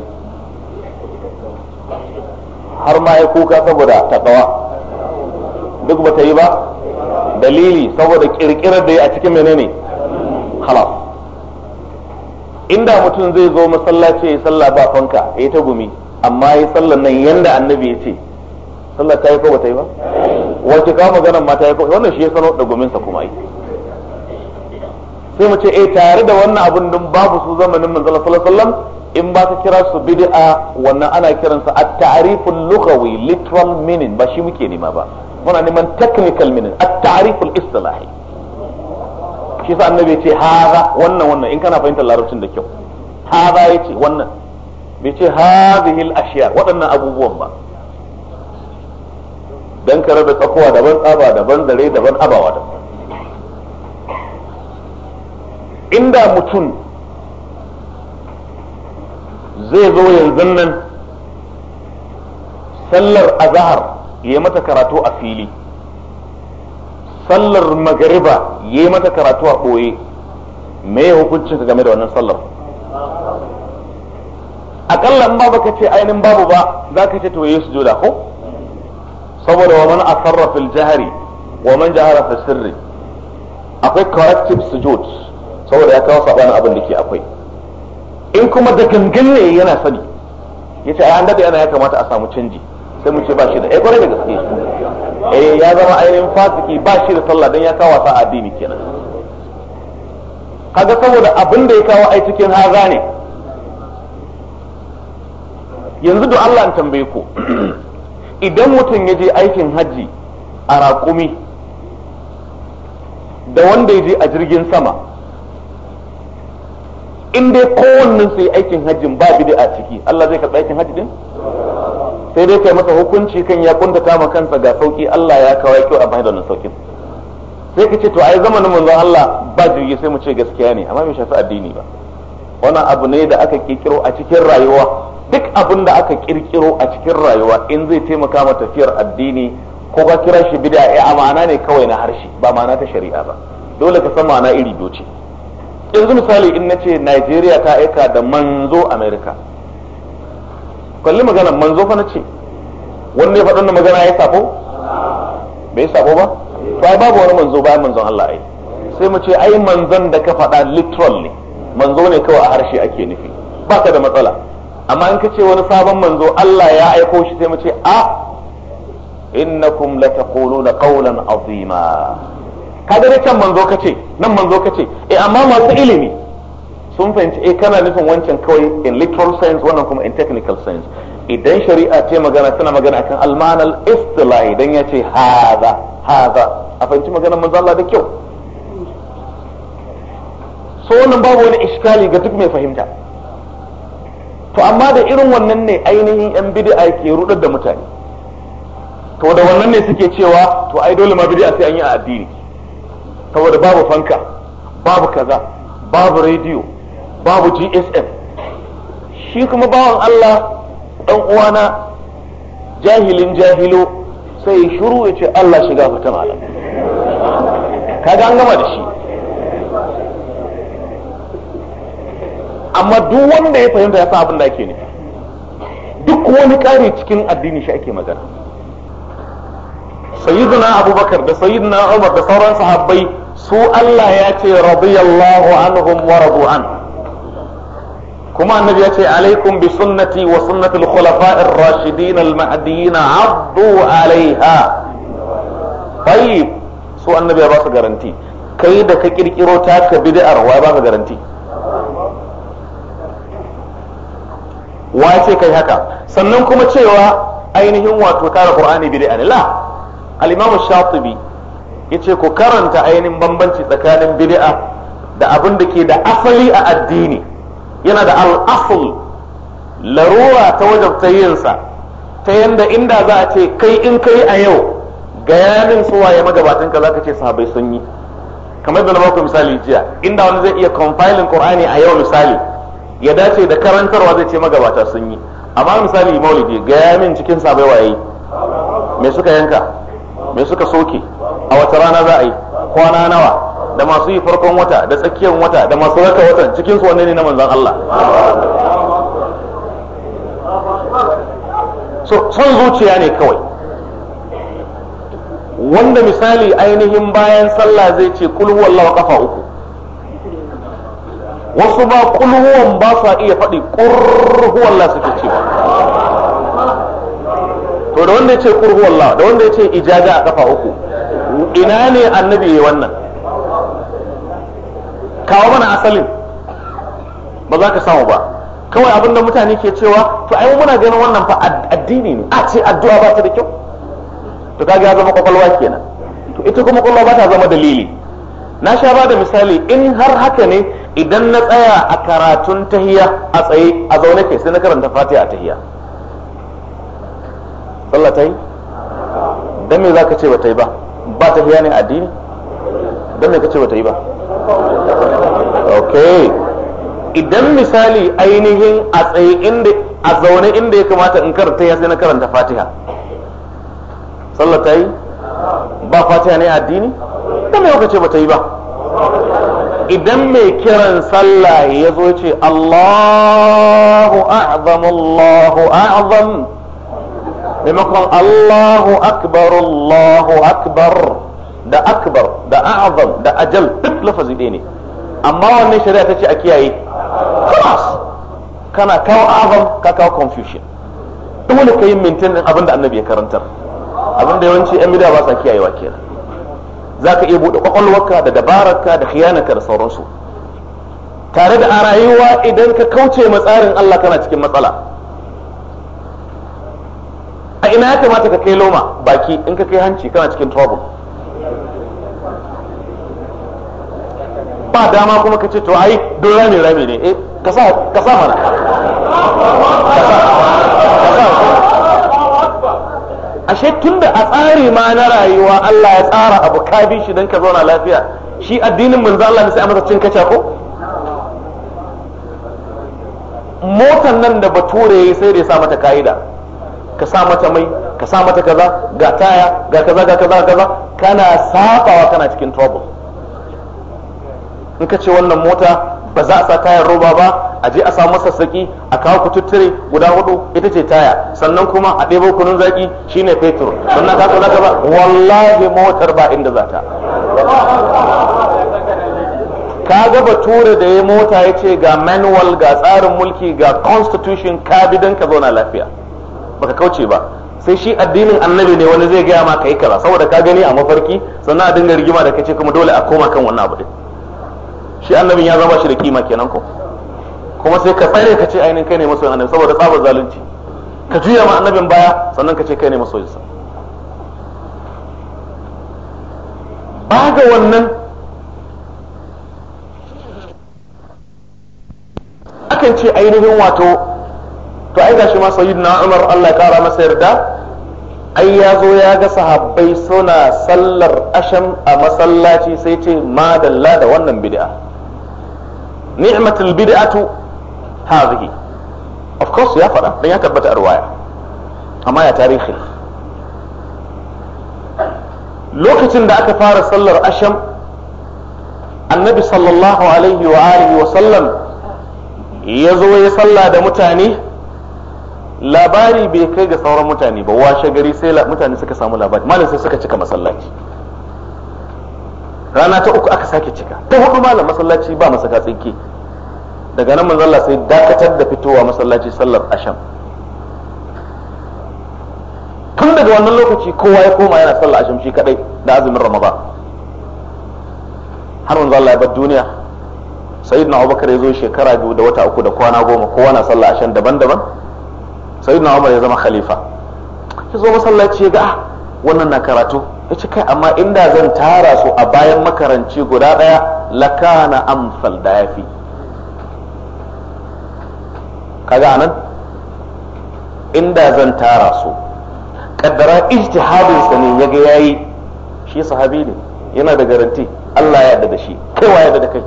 S1: har ma ya kuka saboda takawa duk ba ta yi ba dalili saboda kirkirar da ya a cikin menene halas inda mutum zai zo masallaci ya yi sallah ba fanka ya ta gumi amma ya sallar nan yanda annabi ya ce sallah ta yi ko bata yi ba wace ka magana ma ta yi ko wannan shi ya sanar da gominsa kuma yi sai mu ce eh tare da wannan abun din babu su zamanin manzon sallallahu alaihi wasallam in ba ka kira su bid'a wannan ana kiransa at-ta'riful lughawi literal meaning ba shi muke nema ba muna neman technical meaning at-ta'riful istilahi shi sa annabi ce haza wannan wannan in kana fahimtar larabcin da kyau haza yace wannan bai ce hadhihi al ashya waɗannan abubuwan ba dan ka da tsakowa daban tsaba daban zare daban abawa da inda mutum zai zo yanzu nan sallar azahar ya mata karatu a fili sallar magariba ya mata karatu a ɓoye me ya hukuncin ka game da wannan sallar aƙalla in ba baka ce ainihin babu ba za ka ce to yi sujuda ko saboda wa man asarra fil jahri wa man jahara fi sirri akwai corrective sujud saboda ya kawo sabanin abin da ke akwai in kuma da gangan ne yana sani yace ai an dade ana ya kamata a samu canji sai mu ce ba shi da eh kwarai da gaske eh ya zama ainihin fasiki ba shi da sallah dan ya kawo sa addini kenan kaga saboda abin da ya kawo ai cikin haza ne yanzu da Allah an tambaye ku idan mutum ya je aikin hajji a raƙumi da wanda ya je a jirgin sama in dai kowannen sai aikin hajjin ba bidi a ciki Allah zai karɓi aikin hajji din sai dai kai masa hukunci kan ya kuntata ma kansa ga sauki Allah ya kawo kyau a bayan wannan saukin sai ka ce to ai zamanin manzon Allah ba jirgi sai mu ce gaskiya ne amma bai shafi addini ba wannan abu ne da aka kirkiro a cikin rayuwa duk abin da aka kirkiro a cikin rayuwa in zai taimaka ma tafiyar addini ko ka kira shi bid'a ya eh, amana ne kawai na harshe ba ma'ana ta shari'a ba dole ka san ma'ana iri biyu ce yanzu misali in na ce Najeriya ta aika da manzo America kalli magana manzo fa na ce wanne fa da magana ya sako bai sako ba to ai babu wani manzo bayan manzon Allah ai sai mu ce ai manzon da ka faɗa literally manzo ne kawai a harshe ake nufi ba ka da matsala amma in ka ce wani sabon manzo Allah ya aiko shi sai mu ce a innakum lataquluna qawlan azima kaga dai can manzo kace nan manzo kace eh amma masu ilimi sun fahimci eh kana nufin wancan kawai in literal sense wannan kuma in technical sense idan shari'a ce magana tana magana akan almanal istilahi dan yace haza haza a fahimci maganar manzo Allah da kyau so wannan babu wani iskali ga duk mai fahimta to amma da irin wannan ne ainihin yan bid'a ke rudar da mutane to da wannan ne suke cewa to ai dole ma bid'a sai an yi a addini saboda babu fanka babu kaza babu radio, babu GSM shi kuma bawan Allah dan uwana jahilin jahilo sai shiru ya ce Allah shiga fita malam kaga an gama da shi amma duk wanda ya fahimta ya san abin da ake nufi duk wani kare cikin addini shi ake magana sayyidina abubakar da sayyidina umar da sauran sahabbai su Allah ya ce radiyallahu anhum wa radu an kuma annabi ya ce alaikum bi sunnati wa sunnati al-khulafa'ir rashidin al-mahdiyyin 'addu 'alayha tayyib su annabi ya ba su garanti kai da ka kirkiro ta ka bid'ar wa ba ka garanti wa kai haka sannan kuma cewa ainihin wato kara qur'ani bid'a ne la al-imam shatibi yace ku karanta ainihin bambanci tsakanin bid'a da abin da ke da asali a addini yana da al-asl larura ta ta yinsa ta yanda inda za a ce kai in kai a yau bayanin su waye magabatan ka zaka ce sahabbai sun yi kamar da na baku misali jiya inda wani zai iya compiling qur'ani a yau misali ya dace da karantarwa zai ce magabata sun yi amma misali maulidi gaya min cikin sabai waye me suka yanka me suka soke a wata rana za a yi kwana nawa da masu yi farkon wata da tsakiyar wata da masu raka watan cikin su wanne ne na manzon Allah
S3: so son zuciya ne kawai
S1: wanda misali ainihin bayan sallah zai ce kulhu wallahu kafa uku wasu ba kulhuwan ba sa iya faɗi ƙurhuwallah suke cewa to da wanda ya ce la da wanda ya ce ijaja a kafa uku ina ne annabi ya wannan kawo mana asalin ba za ka samu ba kawai abin da mutane ke cewa to ai muna ganin wannan fa addini ne a ce addu'a ba ta da kyau to kaga ya zama kwakwalwa kenan to ita kuma kwakwalwa ba ta zama dalili na sha ba da misali in har haka ne idan na tsaya a karatun tahiya a tsaye a zaune kai sai na karanta fatiha a tahiya sallah ta yi dan me za ka ce ba ta yi ba ba tahiya ne addini dan me ka ce ba ta yi ba Ok, idan misali ainihin a tsaye inda a zaune inda ya kamata in karanta ya sai na karanta fatiha sallah ta yi ba fatiha ne addini dan me ka ce ba ta yi ba idan mai kiran sallah ya zo ce Allahu a'zam Allahu a'zam maimakon Allahu akbar Allahu akbar da akbar da a'zam da ajal duk lafazi ɗaya ne amma wannan shari'a ta ce a kiyaye khalas kana kawo a'zam ka kawo confusion dole ka yi mintin abin da annabi ya karantar abin da yawanci yan bid'a ba sa kiyayewa kenan Za ka iya buɗe kwakwalwarka da dabararka da khiyanarka da sauransu tare da a rayuwa idan ka kauce matsarin Allah kana cikin matsala a ina ya kamata ka kai loma baki in ka kai hanci kana cikin trouble ba dama kuma ka ce to ai don rami rami ne eh ka sa mana ka sa ashe da a tsari ma na rayuwa Allah ya tsara abu ka bi shi don ka zauna lafiya shi addinin manzo Allah ne sai a masa cin kaca ko motan nan da bature yayi sai da ya sa mata kaida ka sa mata mai ka sa mata kaza ga taya ga kaza ga kaza kaza kana safawa kana cikin trouble in ka ce wannan mota ba za a sa tayar roba ba a je a samu sassaki a kawo kututture guda hudu ita ce taya sannan kuma a ɗebo kunun zaki shine fetur sannan ka ba wallahi motar ba inda za ta ka ga bature da ya mota ya ce ga manual ga tsarin mulki ga constitution ka bi don ka zauna lafiya baka kauce ba sai shi addinin annabi ne wani zai gaya ma ka yi kaza saboda ka gani a mafarki sannan a dinga rigima da kace kuma dole a koma kan wannan abu din shi annabin ya zama shi da kima kenan ko kuma sai ka tsare ka ce ainihin kai ne masoyin annabi saboda tsabar zalunci ka juya ma annabin baya sannan ka ce kai ne masoyinsa ba ga wannan akan ce ainihin wato to ai gashi ma na Umar Allah kara masa yarda ai ya zo ya ga sahabbai suna sallar asham a masallaci sai ce madalla da wannan bid'a ni'matul bid'atu hadhihi of course ya faɗa dan ya tabbata a ruwaya amma ya tarihi lokacin da aka fara sallar asham annabi sallallahu alaihi wa alihi wa sallam ya zo ya salla da mutane labari bai kai ga sauran mutane ba washe gari sai mutane suka samu labari malam sai suka cika masallaci rana ta uku aka sake cika ta hudu malam masallaci ba masaka tsinke daga nan manzo Allah sai dakatar da fitowa masallaci sallar asham tun daga wannan lokaci kowa ya koma yana sallar asham shi kadai da azumin ramadan har manzo Allah ya bar duniya sayyidina abubakar ya zo shekara biyu da wata uku da kwana goma kowa na sallar asham daban-daban sayyidina umar ya zama khalifa ya zo masallaci ya ga ah, wannan na karatu ya ce kai amma inda zan tara su a bayan makaranci guda ɗaya lakana amsal da ya fi kaga anan inda zan tara su kaddara ijtihadinsa ne ya ga yayi shi sahabi ne yana da garanti Allah ya da shi kai wa yarda da kai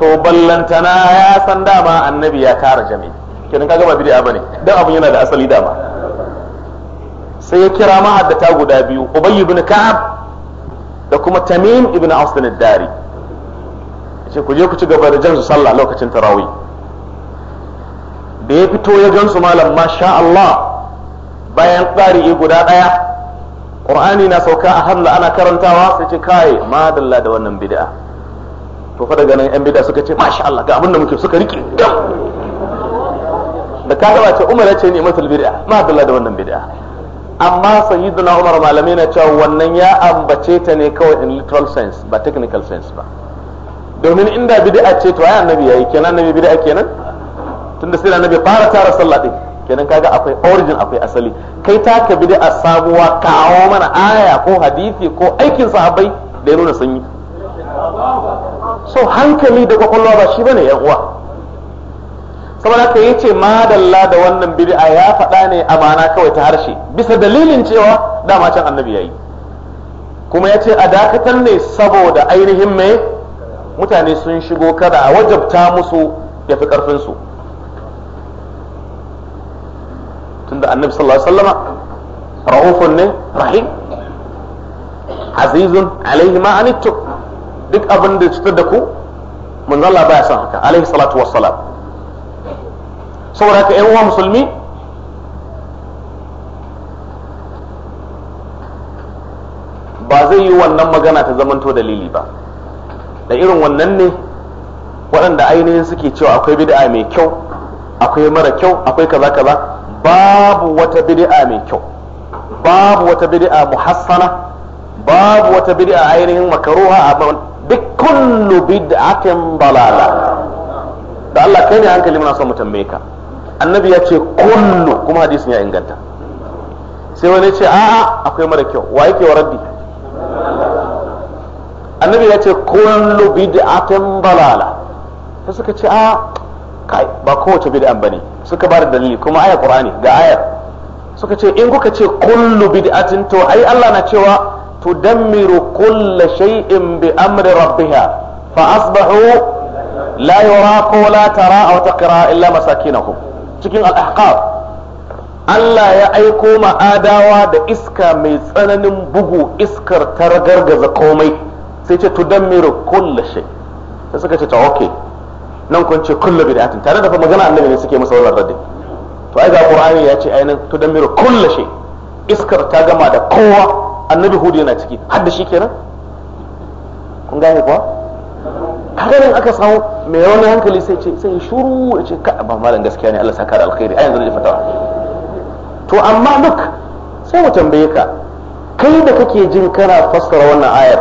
S1: to ballantana ya san dama annabi ya kara jami'i kenan kaga ba bid'a bane dan abun yana da asali dama sai ya kira mahaddata guda biyu ubayy ibn ka'ab da kuma tamim ibn austin dari yace ku je ku ci gaba da jansu sallah lokacin tarawih da ya fito ya gansu malam masha Allah bayan tsari guda daya qur'ani na sauka a hannu ana karantawa sai ce kai madalla da wannan bid'a to fa daga nan yan bid'a suka ce masha Allah ga abin da muke suka rike da ka ce umar ya ce ni matal bid'a madalla da wannan bid'a amma sayyiduna umar malamai na cewa wannan ya ambace ta ne kawai in literal sense ba technical sense ba domin inda bid'a ce to ai annabi yayi kenan annabi bid'a kenan tunda sai annabi fara tara sallah din kenan kaga akwai origin akwai asali kai taka bid'a sabuwa kawo mana aya ko hadisi ko aikin sahabbai da ya nuna sanyi yi so hankali da kwakwalwa ba shi bane yan uwa saboda haka ya ce madalla da wannan bid'a ya faɗa ne amana kawai ta harshe bisa dalilin cewa dama can annabi yayi kuma ya ce a dakatar ne saboda ainihin mai mutane sun shigo kada a wajabta musu ya fi ƙarfinsu tunda annabi sallallahu alaihi wasallama ra'ufun ne rahim azizun alaihi ma'anittu duk abin da cutar da ku mun Allah baya son haka alaihi salatu wassalam saboda ka yan uwa musulmi ba zai yi wannan magana ta zamanto dalili ba da irin wannan ne waɗanda ainihin suke cewa akwai bid'a mai kyau akwai mara kyau akwai kaza kaza babu wata bid'a mai kyau babu wata bid'a muhassana babu wata bid'a ainihin makaruha duk kullu bid'atin balala da Allah kai ne hankali muna son mu tambaye ka annabi ya ce kullu kuma hadisin ya inganta sai wani ce a'a akwai mara kyau wa yake wa raddi annabi ya ce kullu bid'atin balala sai suka ce a kai ba kowace bid'an bane suka bada dalili kuma aya qur'ani ga ayar suka ce in kuka ce kullu bid'atin to ai Allah na cewa tudammiru kulla shay'in bi amri rabbiha fa asbahu la yura la tara aw taqra illa masakinakum cikin al’aƙaf Allah ya aiko ma'adawa da iska mai tsananin bugu iskar ga komai sai ce tudammiru kullu shi sai suka ce ta oke nan kun ce kullu bid'atin tare da fa magana annabi ne suke masa wannan radi to ai ga qur'ani ya ce ainin tudammiru kulla shi iskar ta gama da kowa annabi hudu yana ciki hadda shi kenan kun gane kuwa kaga nan aka samu mai wani hankali sai ce sai shuru ya ce ka ba malam gaskiya ne Allah saka da alkhairi a yanzu da fatawa to amma duk sai mu tambaye ka kai da kake jin kana fassara wannan ayar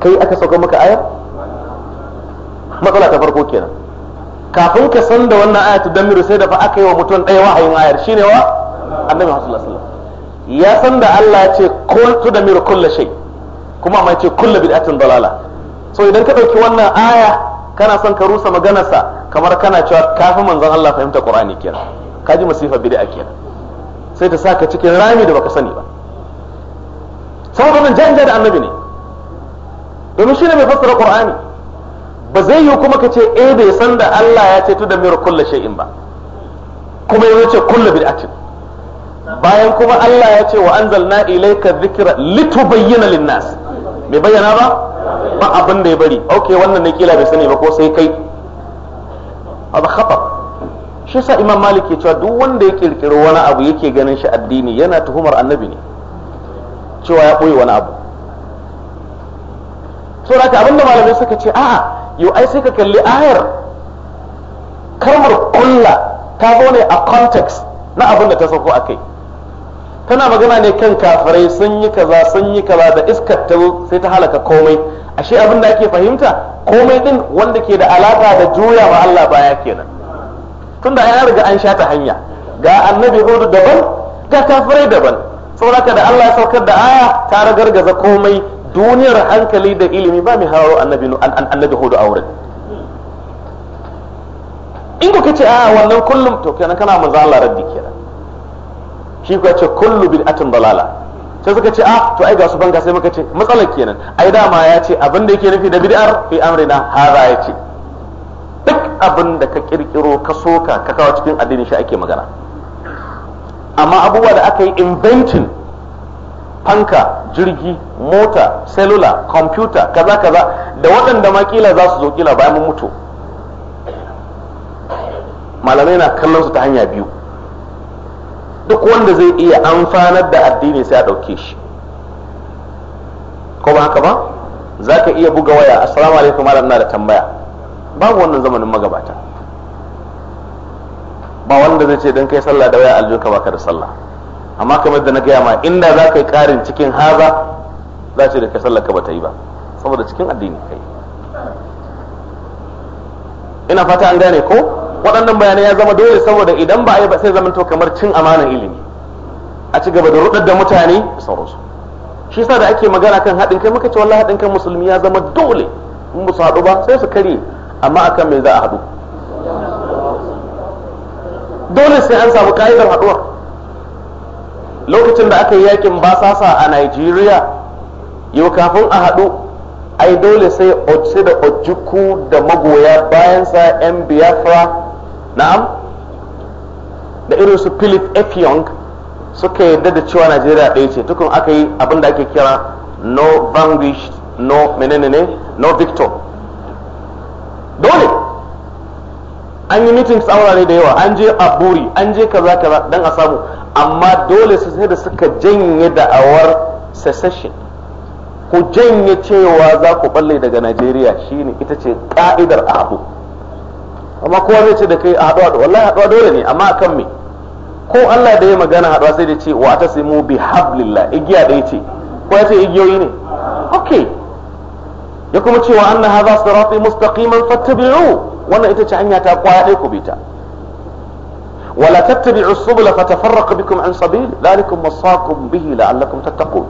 S1: kai aka sauka maka ayar matsala ta farko kenan kafin ka san da wannan ayar ta damiru sai da fa aka yi wa mutum ɗaya wahayin ayar shine wa annabi sallallahu alaihi ya san da Allah ya ce kullu damiru kullu shay kuma mai ce kullu bid'atin dalala so idan ka ɗauki wannan aya kana son ka rusa maganarsa kamar kana cewa kafin manzon Allah fahimta Qur'ani kenan ka ji masifa bid'a kenan sai ta saka cikin rami da baka sani ba saboda nan janja da annabi ne domin ne mai fassara Qur'ani ba zai yi kuma ka ce eh bai san da Allah ya ce tu da mir kullu shay'in ba kuma ya ce kullu bid'atin bayan kuma Allah ya ce wa anzalna ilayka dhikra litubayyana lin-nas mai bayyana ba ba abin da ya bari ok wannan na kila bai sani ba ko sai kai abu khatar shi sa imam malik ke cewa duk wanda ya kirkiri wani abu yake ganin shi addini yana tuhumar annabi ne cewa ya ɓoye wani abu so da abin da malamai suka ce a, yau ai sai ka kalli ayar kalmar kulla ta zo ne a context na abin da ta sauko a kai kana magana ne kan kafirai sun yi kaza sun yi kaza da iskar ta sai ta halaka komai ashe abin da ake fahimta komai din wanda ke da alaka da juya wa Allah baya kenan tunda an riga an sha ta hanya ga annabi hudu daban ga kafirai daban saboda da Allah ya saukar da aya ta ragargaza komai duniyar hankali da ilimi ba mai haro annabi annabi hudu auren in ku kace a wannan kullum to kenan kana manzo Allah raddi kenan shi kuwa ce kullu atin dalala sai suka ce a ah, to ai ga su banga sai muka ce matsalar kenan ai dama ya ce abin da yake nufi da bid'ar fi amrina hada ya ce duk abin da ka kirkiro ka soka ka kawo cikin addinin shi ake magana amma abubuwa da aka yi inventing fanka jirgi mota cellular computer kaza kaza da waɗanda ma kila za su zo kila bayan mun mutu malamai na kallon su ta hanya biyu duk wanda zai iya amfanar da addini sai a ɗauke shi ko ba haka ba za ka iya buga waya assalamu alaikum malam na da tambaya babu wannan zamanin magabata ba wanda zai ce don kai sallah da waya aljuka baka da sallah amma kamar da na gaya ma inda za ka yi karin cikin haza za ce da kai sallah ka bata yi ba saboda cikin addini kai ina fata an gane ko waɗannan bayanai ya zama dole saboda idan ba a yi ba sai to kamar cin amanan ilimi a ci gaba da rudar da mutane sauransu shi yasa da ake magana kan haɗin kai muka ce wallahi haɗin kan musulmi ya zama dole in ba su haɗu ba sai su karye amma akan me za a haɗu dole sai an samu ka'idar haɗuwar lokacin da aka yi yakin basasa a Najeriya yau kafin a haɗu ai dole sai da ojuku da magoya bayansa 'yan biafra na'am da irin su philip effiong suka yadda da cewa najeriya ɗaya ce tukun aka yi abin da ake kira no vanquished no menene ne no victor dole an yi meetings tsaurare da yawa an je a buri an je kaza kaza don a samu amma dole su sai da suka janye da'awar secession ku janye cewa za ku balle daga najeriya shine ita ce ka'idar abu amma kowa zai ce da kai a haɗuwa da wallahi haɗuwa dole ne amma akan me ko Allah da ya magana haɗuwa sai da ce wa ta mu bi hablillah igiya da ce ko ya ce igiyoyi ne okay ya kuma cewa anna hadha sirati mustaqiman fattabi'u wannan ita ce hanya ta kwaya ɗaya ku bi ta ولا تتبعوا السبل فتفرق بكم عن سبيل ذلكم وصاكم به لعلكم تتقون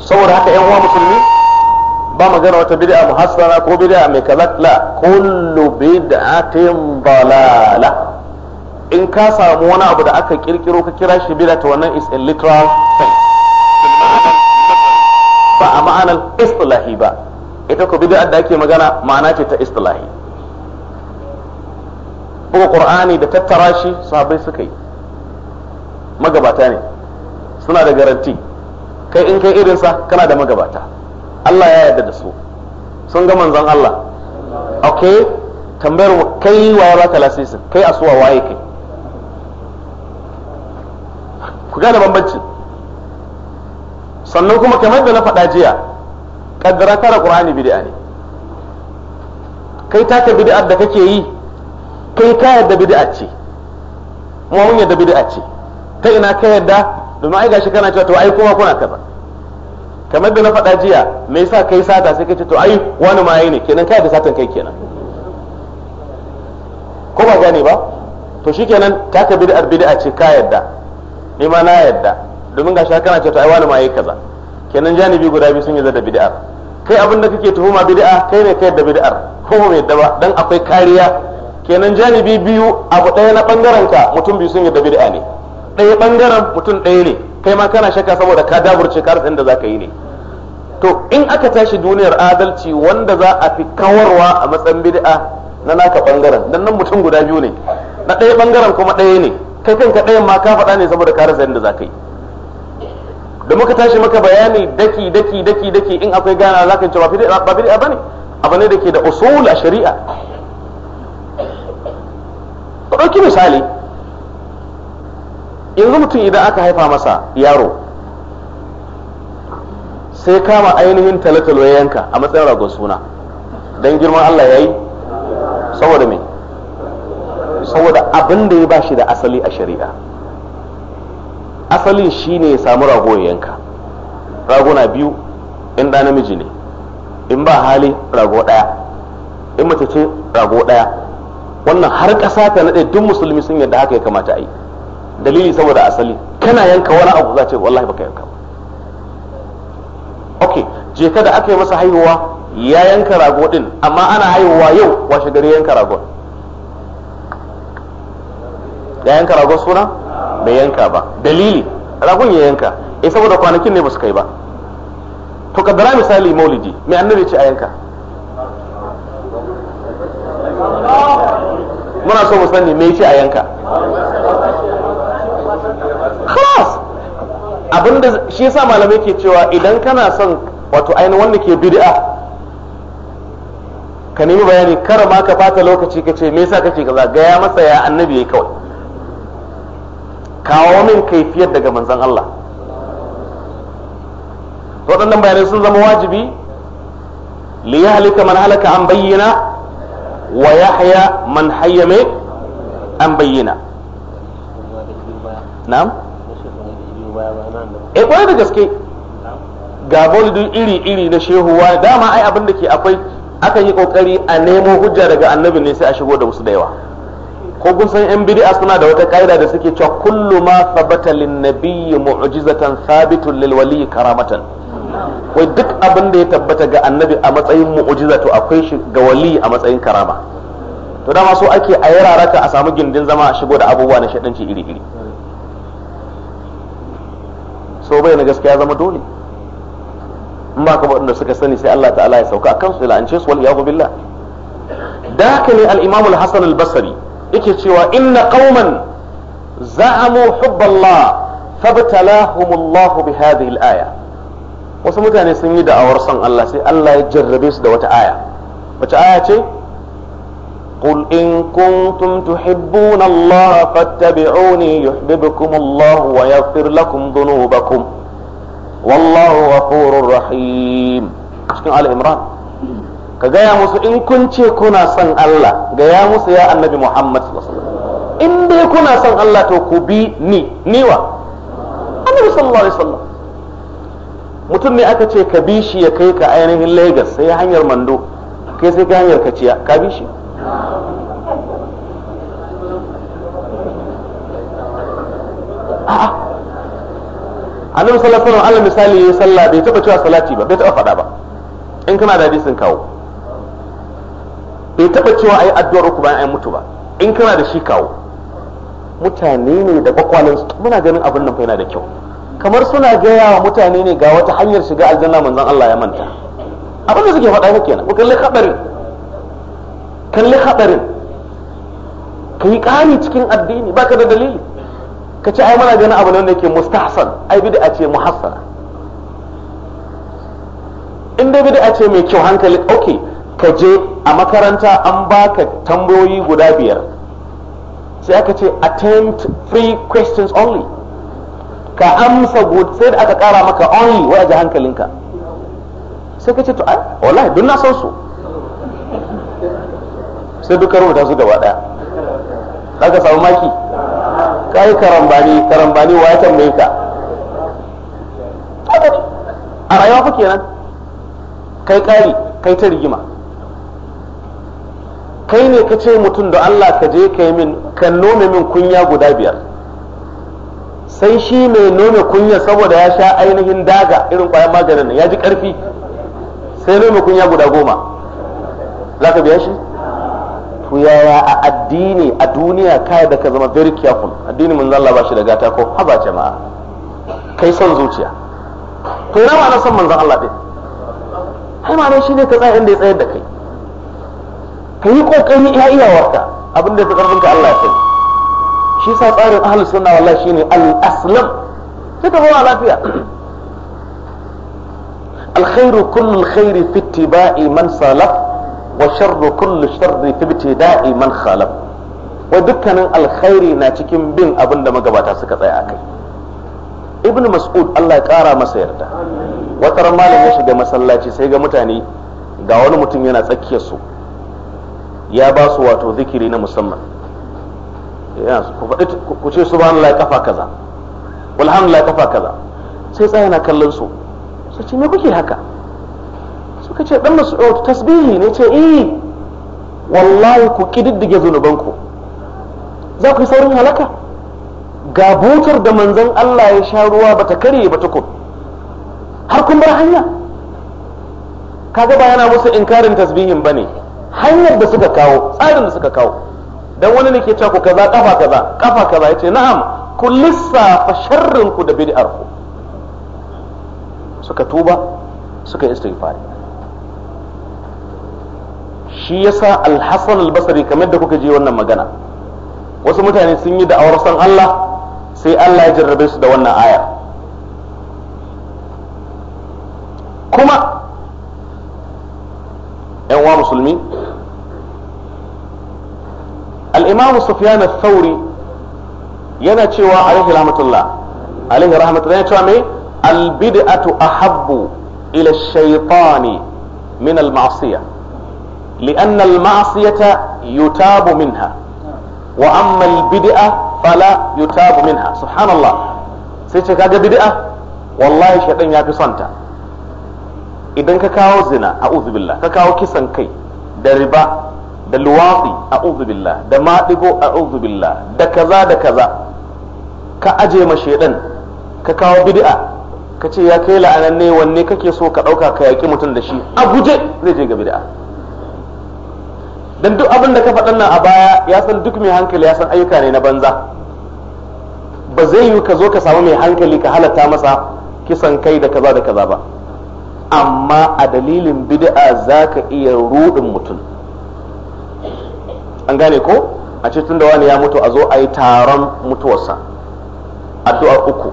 S1: saboda haka yan uwa musulmi ba magana wata bid'a muhassana ko bid'a mai kalakla kullu bid'atin dalala in ka samu wani abu da aka kirkiro ka kira shi bid'a to wannan is a literal thing ba a ma'anar istilahi ba ita ko bid'a da ake magana ma'ana ce ta istilahi buga qur'ani da tattara shi sahabbai suka yi magabata ne suna da garanti kai in kai irinsa kana da magabata Allah ya yarda da su sun ga manzon Allah okay tambayar kai wa ya baka lasisi kai suwa waye kai ku gane bambanci sannan kuma kamar da na faɗa jiya kaddara tara qur'ani bid'a ne kai taka bid'a da kake yi kai ka yarda bid'a ce mu mun yarda bid'a ce ta ina ka yarda domin ai gashi kana cewa to ai kuma kuna kaza kamar da na faɗa jiya me yasa kai sata sai kace to ai wani ma ne kenan kai da satan kai kenan ko ba gane ba to shikenan taka bid'ar bid'a ce ka yadda ni ma na yadda domin gashi kana ce to ai wani ma yayi kaza kenan janibi guda biyu sun yadda da bid'ar kai abin da kake tuhuma bid'a kai ne kai da bid'ar ko ba mai ba dan akwai kariya kenan janibi biyu abu ɗaya na bangaren ka mutum biyu sun yadda bid'a ne ɗaya bangaren mutum ɗaya ne kai ma kana shaka saboda ka daburce ka da zaka yi ne to in aka tashi duniyar adalci wanda za a fi kawarwa a matsayin bid'a na naka bangaren dan nan mutum guda biyu ne na ɗaya bangaren kuma ɗaya ne kai kanka ɗayan ma ka faɗa ne saboda ka rasa yadda zaka yi da muka tashi maka bayani daki daki daki daki in akwai gana zaka ce ba bid'a bane abu ne da ke da usul a shari'a ɗauki misali yanzu mutum idan aka haifa masa yaro sai kama ainihin talatalwayenka ya yanka a matsayin ragon suna don girman Allah ya yi saboda me saboda abin da ya ba shi da asali a shari'a asalin shi ne ya samu rago ya raguna biyu in da namiji ne in ba hali rago daya in mace ce rago ɗaya wannan har ƙasa ta naɗe duk musulmi sun yadda haka ya kamata a yi dalili saboda asali kana yanka wani abu za ce wallahi baka yanka ba ok je kada aka yi masa haihuwa ya yanka rago din amma ana haihuwa yau washe gari yanka rago ya yanka rago suna bai yanka ba dalili ragon ya yanka eh saboda kwanakin ne ba su kai ba to kaddara misali maulidi mai annabi ce a yanka muna so mu sani me ce a yanka خلاص abinda shi yasa malamai ke cewa idan kana son wato ainihin wanda ke bid'a ka nemi bayani kar ma ka fata lokaci ka ce me yasa kake kaza gaya masa ya annabi yayi kawai kawo min kaifiyar daga manzon Allah waɗannan bayanai sun zama wajibi li yahlika man halaka an bayyana wa yahya man hayya an bayyana na'am baya eh, ba da gaske ga maulidin iri iri na shehuwa dama ai abin da ke akwai akan yi kokari a nemo hujja daga annabi ne sai a shigo da wasu da yawa ko kun san yan bid'a suna da wata kaida da suke cewa kullu ma sabata lin nabiyyi mu'jizatan thabitun lil wali karamatan wai duk abin da ya tabbata ga annabi a matsayin mu'jiza to akwai shi ga wali a matsayin karama to dama so ake a yararaka a samu gindin zama a shigo da abubuwa na shaɗanci iri iri so bayyana gaskiya zama dole in ba ka waɗanda suka sani sai Allah ta'ala ya sauka a kansu ila an ce su wal iyadu billah da haka ne al-imam al-hasan al-basri yake cewa inna qauman za'amu hubballah fabtalahum Allah bi hadhihi al-aya wasu mutane sun yi da'awar son Allah sai Allah ya jarrabe su da wata aya wace aya ce قل إن كنتم تحبون الله فاتبعوني يحببكم الله ويغفر لكم ذنوبكم والله غفور رحيم cikin al'imran ka gaya musu in kun ce kuna son Allah gaya musu ya annabi Muhammad in dai kuna son Allah to ku bi ni niwa annabi sallallahu alaihi wasallam mutum ne aka ce ka bi shi ya kai ka ainihin Lagos sai hanyar Mando kai sai ka hanyar Kaciya ka bi shi a nan sallallahu Allah misali ya sallah bai taba cewa salati ba bai taba faɗa ba in kana da hadisin kawo bai taba cewa a yi addu'ar uku bayan yi mutu ba in kana da shi kawo mutane ne da kwakwalen su muna ganin abin nan fa yana da kyau kamar suna gaya wa mutane ne ga wata hanyar shiga aljanna manzon Allah ya manta abin da suke faɗa kenan ko kalli khabarin kalli haɗarin ka yi ƙari cikin addini baka da dalili ka ce ai mana ganin abu ne wanda yake mustahsan ai bid'a ce muhassana in dai bid'a ce mai kyau hankali ok, ka je a makaranta an baka tambayoyi guda biyar sai aka ce attempt free questions only ka amsa sai da aka kara maka only wai a ji hankalinka sai ka ce to ai wallahi duk na san su sai duka rubuta su gaba daya ka samu maki kai karambani karambani wa ya mai ka a rayuwa fa kenan kai kari kai ta rigima kai ne ka ce mutum da Allah ka je ka min kan nome min kunya guda biyar sai shi mai nome kunya saboda ya sha ainihin daga irin kwayan maganin ya ji karfi sai nome kunya guda goma za ka biya shi to yaya a addini a duniya kai da ka zama very careful addini mun Allah ba shi da gata ko haba jama'a kai son zuciya to ina ma'anar son manzo Allah din ai shi ne ka tsaya inda ya tsayar da kai ka yi kokari iya iyawarka abin da ya fi karfin ka Allah ya sani shi sa tsarin ahlus sunna wallahi shine al-aslam sai ka zama lafiya الخير كل الخير في اتباع من سلف wa sharru kullu sharri fi ibtida'i man khalaf wa dukkanin alkhairi na cikin bin abinda magabata suka tsaya akai ibnu mas'ud Allah ya kara masa yarda wata ran malam ya shiga masallaci sai ga mutane ga wani mutum yana tsakiyar su ya ba su wato zikiri na musamman ku ce subhanallah kafa kaza walhamdulillah kafa kaza sai tsaya na kallon su sai ce me kuke haka ce dan mas'ud tasbihi ne ce eh wallahi ku ƙididdige zunubanku za ku yi saurin halaka ga butar da manzon Allah ya sha ruwa bata kare ba tukun har kun bar hanya kaga ba yana musu inkarin tasbihin ne, hanyar da suka kawo tsarin da suka kawo dan wani ne ke cewa ku kaza kafa kaza kafa kaza yace na'am ku lissafa sharrin ku da bid'ar ku suka tuba suka istighfari shi yasa al-hasan al-basri kamar da kuka je wannan magana wasu mutane sun yi da'awar san Allah sai Allah ya jarrabe su da wannan aya kuma yan wa musulmi al-imam sufyan al-thawri yana cewa alaihi rahmatullah alaihi rahmatullah yana cewa mai al-bid'atu ahabbu ila ash-shaytani min al-ma'siyah لأن المعصية يتاب منها وأما البدعة فلا يتاب منها سبحان الله سيتي كاجا بدعة والله شيطان يا في صنتا إذا كاكاو زنا أعوذ بالله كاكاو kisan كي da riba da luwafi a billah da maɗigo a'udhu billah da kaza da kaza ka aje ma shedan ka kawo bid'a ka ce ya kai la'ananne wanne kake so ka ɗauka ka yaƙi mutum da shi a guje zai je ga bid'a dan duk abin da ka faɗan nan a baya ya san duk mai hankali ya san ayyuka ne na banza ba zai yi ka zo ka samu mai hankali ka halatta masa kisan kai da kaza da kaza ba amma a dalilin bid'a za ka iya ruɗin mutum an gane ko a ce tun da wani ya mutu a zo a yi taron mutuwarsa addu'ar uku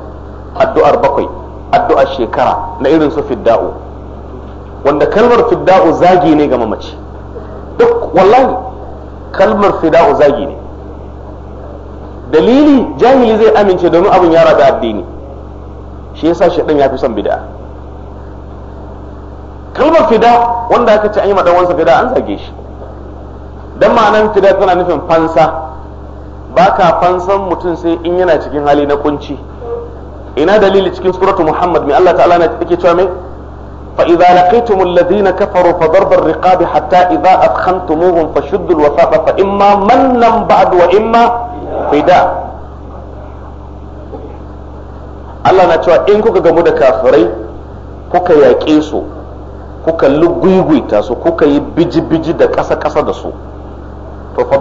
S1: addu'ar bakwai addu'ar shekara na irin su fidda'u wanda kalmar fidda'u zagi ne ga mamaci duk wallahi kalmar fida'u zagi ne dalili jahili zai amince domin abin yara da addini shi yasa shaidan ya fi son bid'a kalmar fida wanda aka ce an yi ma wansa fida an zage shi dan ma'anan fida tana nufin fansa ba ka fansan mutum sai in yana cikin hali na kunci ina dalili cikin suratu muhammad mai allah ta'ala na take cewa mai فإذا لقيتم الذين كفروا فضرب الرقاب حتى إذا أثخنتموهم فشدوا الوثاق فإما منا بعد وإما فداء Allah na cewa in kuka gamu da kafirai kuka yaƙe su kuka lugwigwita su kuka yi biji da ƙasa-ƙasa da su to fa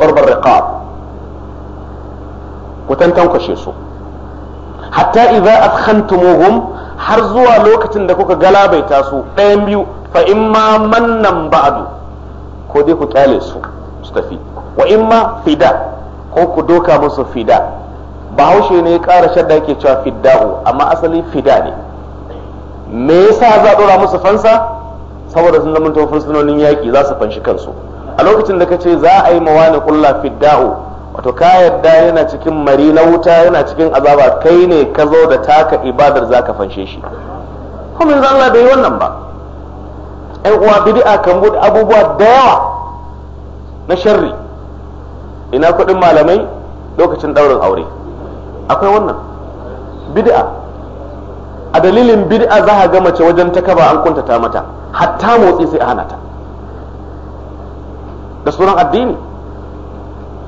S1: har zuwa lokacin da kuka galabaita su ɗayan biyu fa in ma mannan ba'adu ko dai ku kyale su su tafi wa in ma fida ko ku doka musu fida bahaushe ne ya ƙara shadda yake cewa fidda'u amma asali fida ne me yasa za a ɗora musu fansa saboda sun zama tofin sunonin yaƙi za su fanshi kansu a lokacin da ka ce za a yi mawa ne kulla fidda'u wato ka yadda yana cikin mari na wuta yana cikin azaba kai ne ka zo da taka ibadar za ka fanshe shi kuma yanzu Allah bai wannan ba ƴan uwa bid'a kan bude abubuwa da yawa na sharri ina kuɗin malamai lokacin ɗaurin aure akwai wannan bid'a a dalilin bid'a za a ga mace wajen ta kaba an kuntata mata hatta motsi sai a hana ta da sunan addini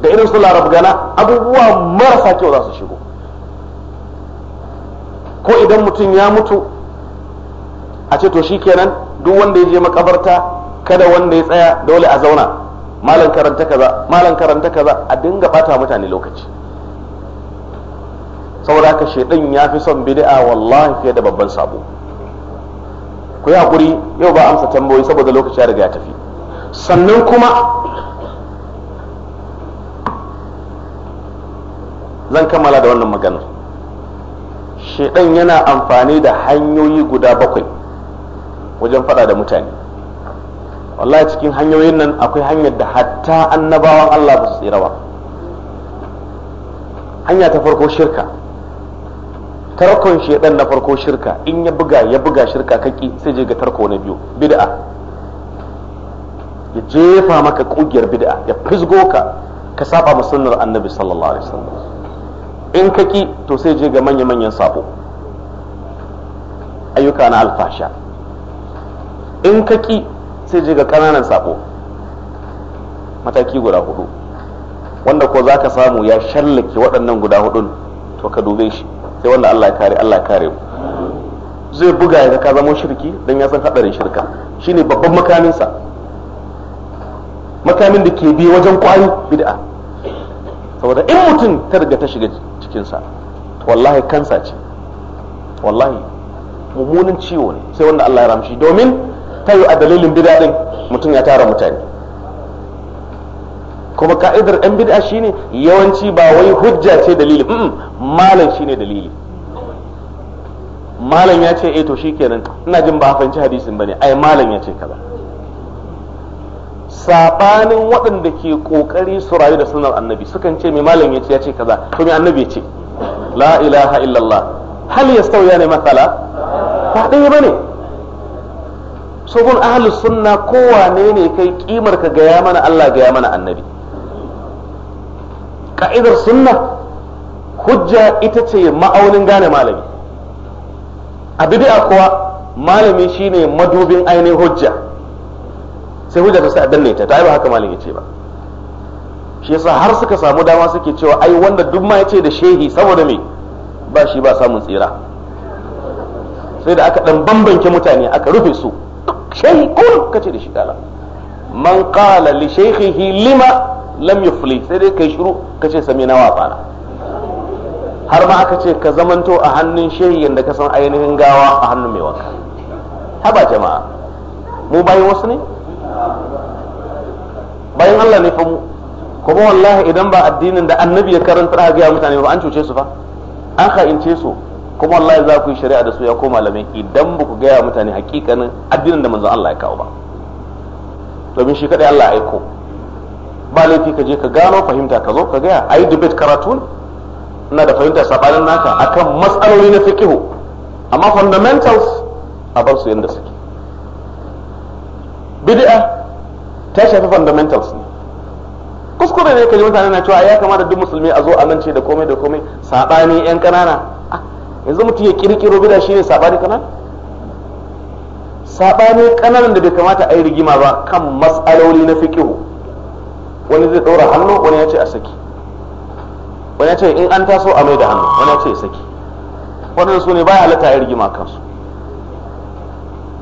S1: da irin su larab gana abubuwa marasa kyau za su shigo ko idan mutum ya mutu a ce to kenan duk wanda ya je makabarta kada wanda ya tsaya dole a zauna malam karanta kaza malam karanta kaza a dinga bata mutane lokaci saboda haka shedan ya fi son bid'a wallahi fiye da babban sabo ku yi hakuri yau ba amsa tambayoyi saboda lokaci ya riga ya tafi sannan kuma zan kammala da wannan maganar shedan yana amfani da hanyoyi guda bakwai wajen faɗa da mutane wallahi cikin hanyoyin nan akwai hanyar da hatta annabawan Allah ba su tsira ba hanya ta farko shirka tarkon shedan na farko shirka in ya buga ya buga shirka kaki sai je ga tarko na biyu bid'a ya jefa maka kugiyar bid'a ya fisgo ka ka saba ma annabi sallallahu alaihi wasallam in ka ki to sai je ga manya-manyan sabo ayyuka na alfasha in ka ki sai je ga ƙananan sabo mataki guda hudu wanda ko za ka samu ya shallake waɗannan guda hudun to ka dube shi sai wanda Allah ya kare Allah ya kare mu zai buga ya ka zama shirki don ya san hadarin shirka shine babban makaminsa makamin da ke bi wajen kwayo bid'a saboda in mutum ta riga ta shiga sa wallahi kansa ce wallahi mummunan ciwo ne sai wanda Allah ya ramshi domin ta yi a dalilin bid'a din mutum ya tara mutane kuma ka'idar yan bid'a shine yawanci ba wai hujja ce dalili malam shine dalili malam ya ce eh to shikenan ina jin ba a fahimci hadisin bane ai malam ya ce kaza sabanin waɗanda ke ƙoƙari su rayu da sunan annabi sukan ce mai malam ya ce ya ce kaza to mai annabi ya ce la ilaha illallah hal sauya ne matsala ba ɗaya ne sabon ahalus sunna kowa ne kai ƙimar ka gaya mana Allah gaya mana annabi Ƙa'idar sunna hujja ita ce ma'aunin gane malami a bid'a kuwa malami shine madubin ainihin hujja sai hujja ta sai a danne ta ta ba haka ya yace ba shi yasa har suka samu dama suke cewa ai wanda duk ma yace da shehi saboda me ba shi ba samun tsira sai da aka dan bambanke mutane aka rufe su shehi kun kace da shi kala man qala li shaykhihi lima lam yufli sai dai kai shiru kace sami na wafana har ma aka ce ka zamanto a hannun shehi yanda ka san ainihin gawa a hannun mai wanka haba jama'a mu bayan wasu ne bayan Allah ne fa mu kuma wallahi idan ba addinin da annabi ya karanta da ga mutane ba an cuce su fa an ka'ince su kuma wallahi za ku yi shari'a da su ya ko malamai idan ba ku gaya mutane hakikanin addinin da manzon Allah ya kawo ba domin shi kadai Allah ya aiko ba laifi ka je ka gano fahimta ka zo ka gaya ayi debate karatu na da fahimta sabanin naka akan matsaloli na fiqh amma fundamentals a bar su yanda suke bid'a ta shafi fundamentals ne kuskure ne kaji mutane na cewa ya kamata duk musulmi a zo a ce da komai da komai sabani yan kanana ah, yanzu mutum ya kirkiro bid'a shine sabani kanana sabani kananan da bai kamata a yi rigima ba kan matsaloli na fiqihu wani zai ɗora hannu wani ya ce a saki wani ya ce in an taso a mai da hannu wani ya ce ya saki waɗanda su ne baya halatta a yi rigima kansu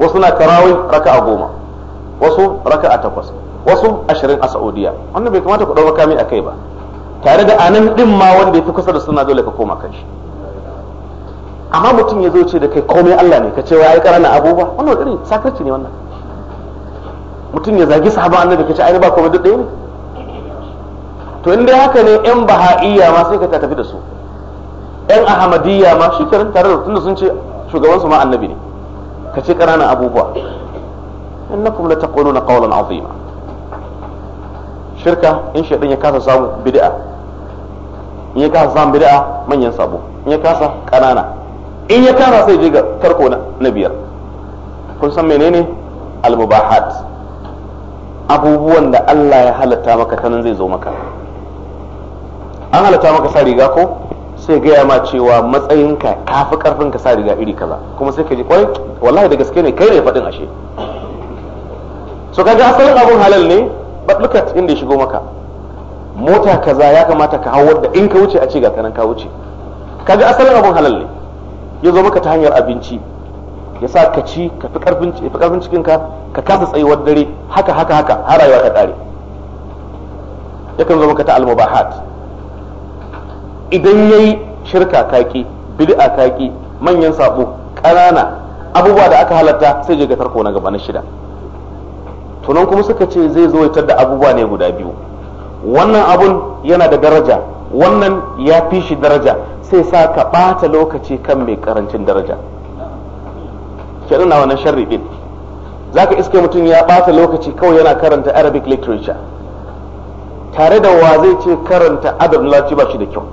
S1: wasu na tarawai raka a goma wasu raka a takwas wasu ashirin a Saudiya wannan bai kamata ku ɗau makami a kai ba tare da anan din ma wanda ya fi kusa da suna dole ka koma kan shi amma mutum ya zo ce da kai komai Allah ne ka ce wa ai karana abubuwa wani wani irin sakarci ne wannan mutum ya zagi sahaban annabi ka ce ai ba komai duk ɗaya ne to in dai haka ne yan baha'iyya ma sai ka tafi da su yan ahmadiyya ma shikenan tare da tunda sun ce shugaban su ma annabi ne ka ce ƙananan abubuwa innakum taquluna qawlan azima shirka in shaytan ya kasa samu bid'a in ya kasa samu bid'a manyan sabo in ya kasa kanana in ya kasa sai je ga tarko na biyar kun san menene al-mubahat abubuwan da Allah ya halatta maka tanan zai zo maka an halatta maka sa riga ko sai gaya ma cewa matsayinka kafi karfin ka sa riga iri kaza kuma sai ka ji kwai wallahi da gaske ne kai ne faɗin ashe so kaga asalin abun halal ne but look at inda ya shigo maka mota kaza ya kamata ka hawar da in ka wuce a ce ga kanan ka wuce kaga asalin abun halal ne ya zo maka ta hanyar abinci ya sa ka ci ka fi karfin cikinka ka kasa tsayuwar dare haka haka haka har rayuwa ka kare yakan zo maka ta almubahat idan yayi shirka kaki bid'a kaki manyan sabo ƙanana abubuwa da aka halatta sai je ga tarko na gaba na shida tunan kuma suka ce zai zo da abubuwa ne guda biyu wannan abun yana da daraja wannan ya fi shi daraja sai sa ka bata lokaci kan mai karancin daraja kenan na wannan sharri din zaka iske mutum ya bata lokaci kawai yana karanta arabic literature tare da wa zai ce karanta adab lati ba shi da kyau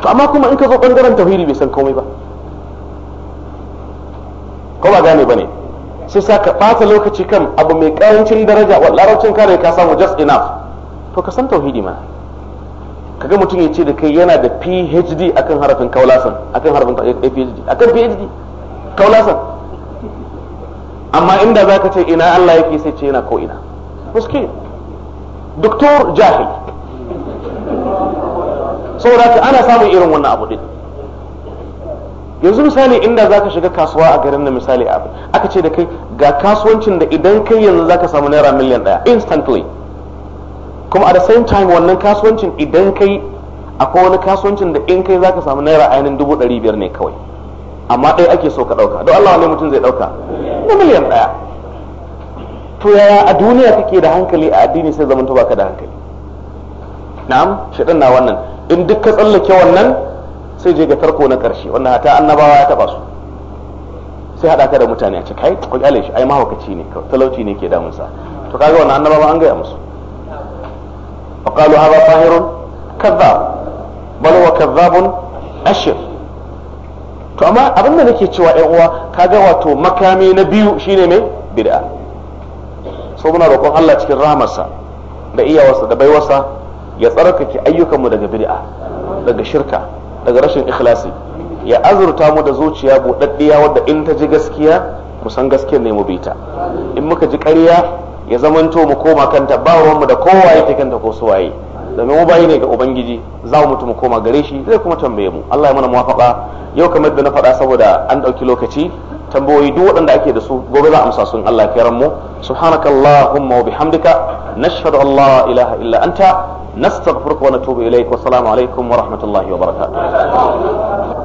S1: to amma kuma in ka zo bangaren tauhidi bai san komai ba ko ba gane bane sai sa ka ɓata lokaci kan abu mai ƙarancin daraja wa larabcin kare ka samu just enough to ka san tauhidi ka kaga mutum ya ce da kai yana da PhD akan harafin kaulasan akan harafin eh, PhD akan PhD kaulasan amma inda zaka ce ina Allah yake sai ce yana ko ina muske doktor jahil saboda ana samun irin wannan abu din yanzu misali inda zaka shiga kasuwa a garin da misali abu aka ce da kai ga kasuwancin da idan kai yanzu zaka samu naira miliyan daya instantly kuma at the same time wannan kasuwancin idan kai akwai wani kasuwancin da in kai zaka samu naira ainihin dubu ɗari biyar ne kawai amma ɗaya ake so ka ɗauka don Allah wani mutum zai ɗauka na miliyan ɗaya to yaya a duniya kake da hankali a addini sai zamanto baka da hankali na'am shaɗan na wannan in duk ka tsallake wannan sai je ga tarko na karshe wannan hata annabawa ya taba su sai hada ka da mutane a ce kai ku kyale shi ai mahaukaci ne talauci ne ke damunsa to kaga wannan annabawa an gaya musu qalu hadha sahirun kadhab bal huwa kadhabun ashir to amma abin da nake cewa yan uwa kaga wato makami na biyu shine mai bid'a so muna roƙon Allah cikin rahamarsa da iyawarsa da baiwarsa ya tsarkake ayyukanmu daga bid'a daga shirka daga rashin ikhlasi ya azurta mu da zuciya buɗaɗɗiya wadda in ta ji gaskiya mu san gaskiyar ne mu bi ta in muka ji ƙarya ya zamanto mu koma kanta ba ruwanmu da kowa yake kanta ko suwaye domin mu bayi ne ga ubangiji za mu mutu mu koma gare shi zai kuma tambaye mu Allah ya mana muwafaqa yau kamar da na faɗa saboda an ɗauki lokaci tambayoyi duk waɗanda ake da su gobe za a musa sun Allah ya mu subhanakallahumma wa bihamdika nashhadu an la ilaha illa anta نستغفرك ونتوب إليك والسلام عليكم ورحمة الله
S3: وبركاته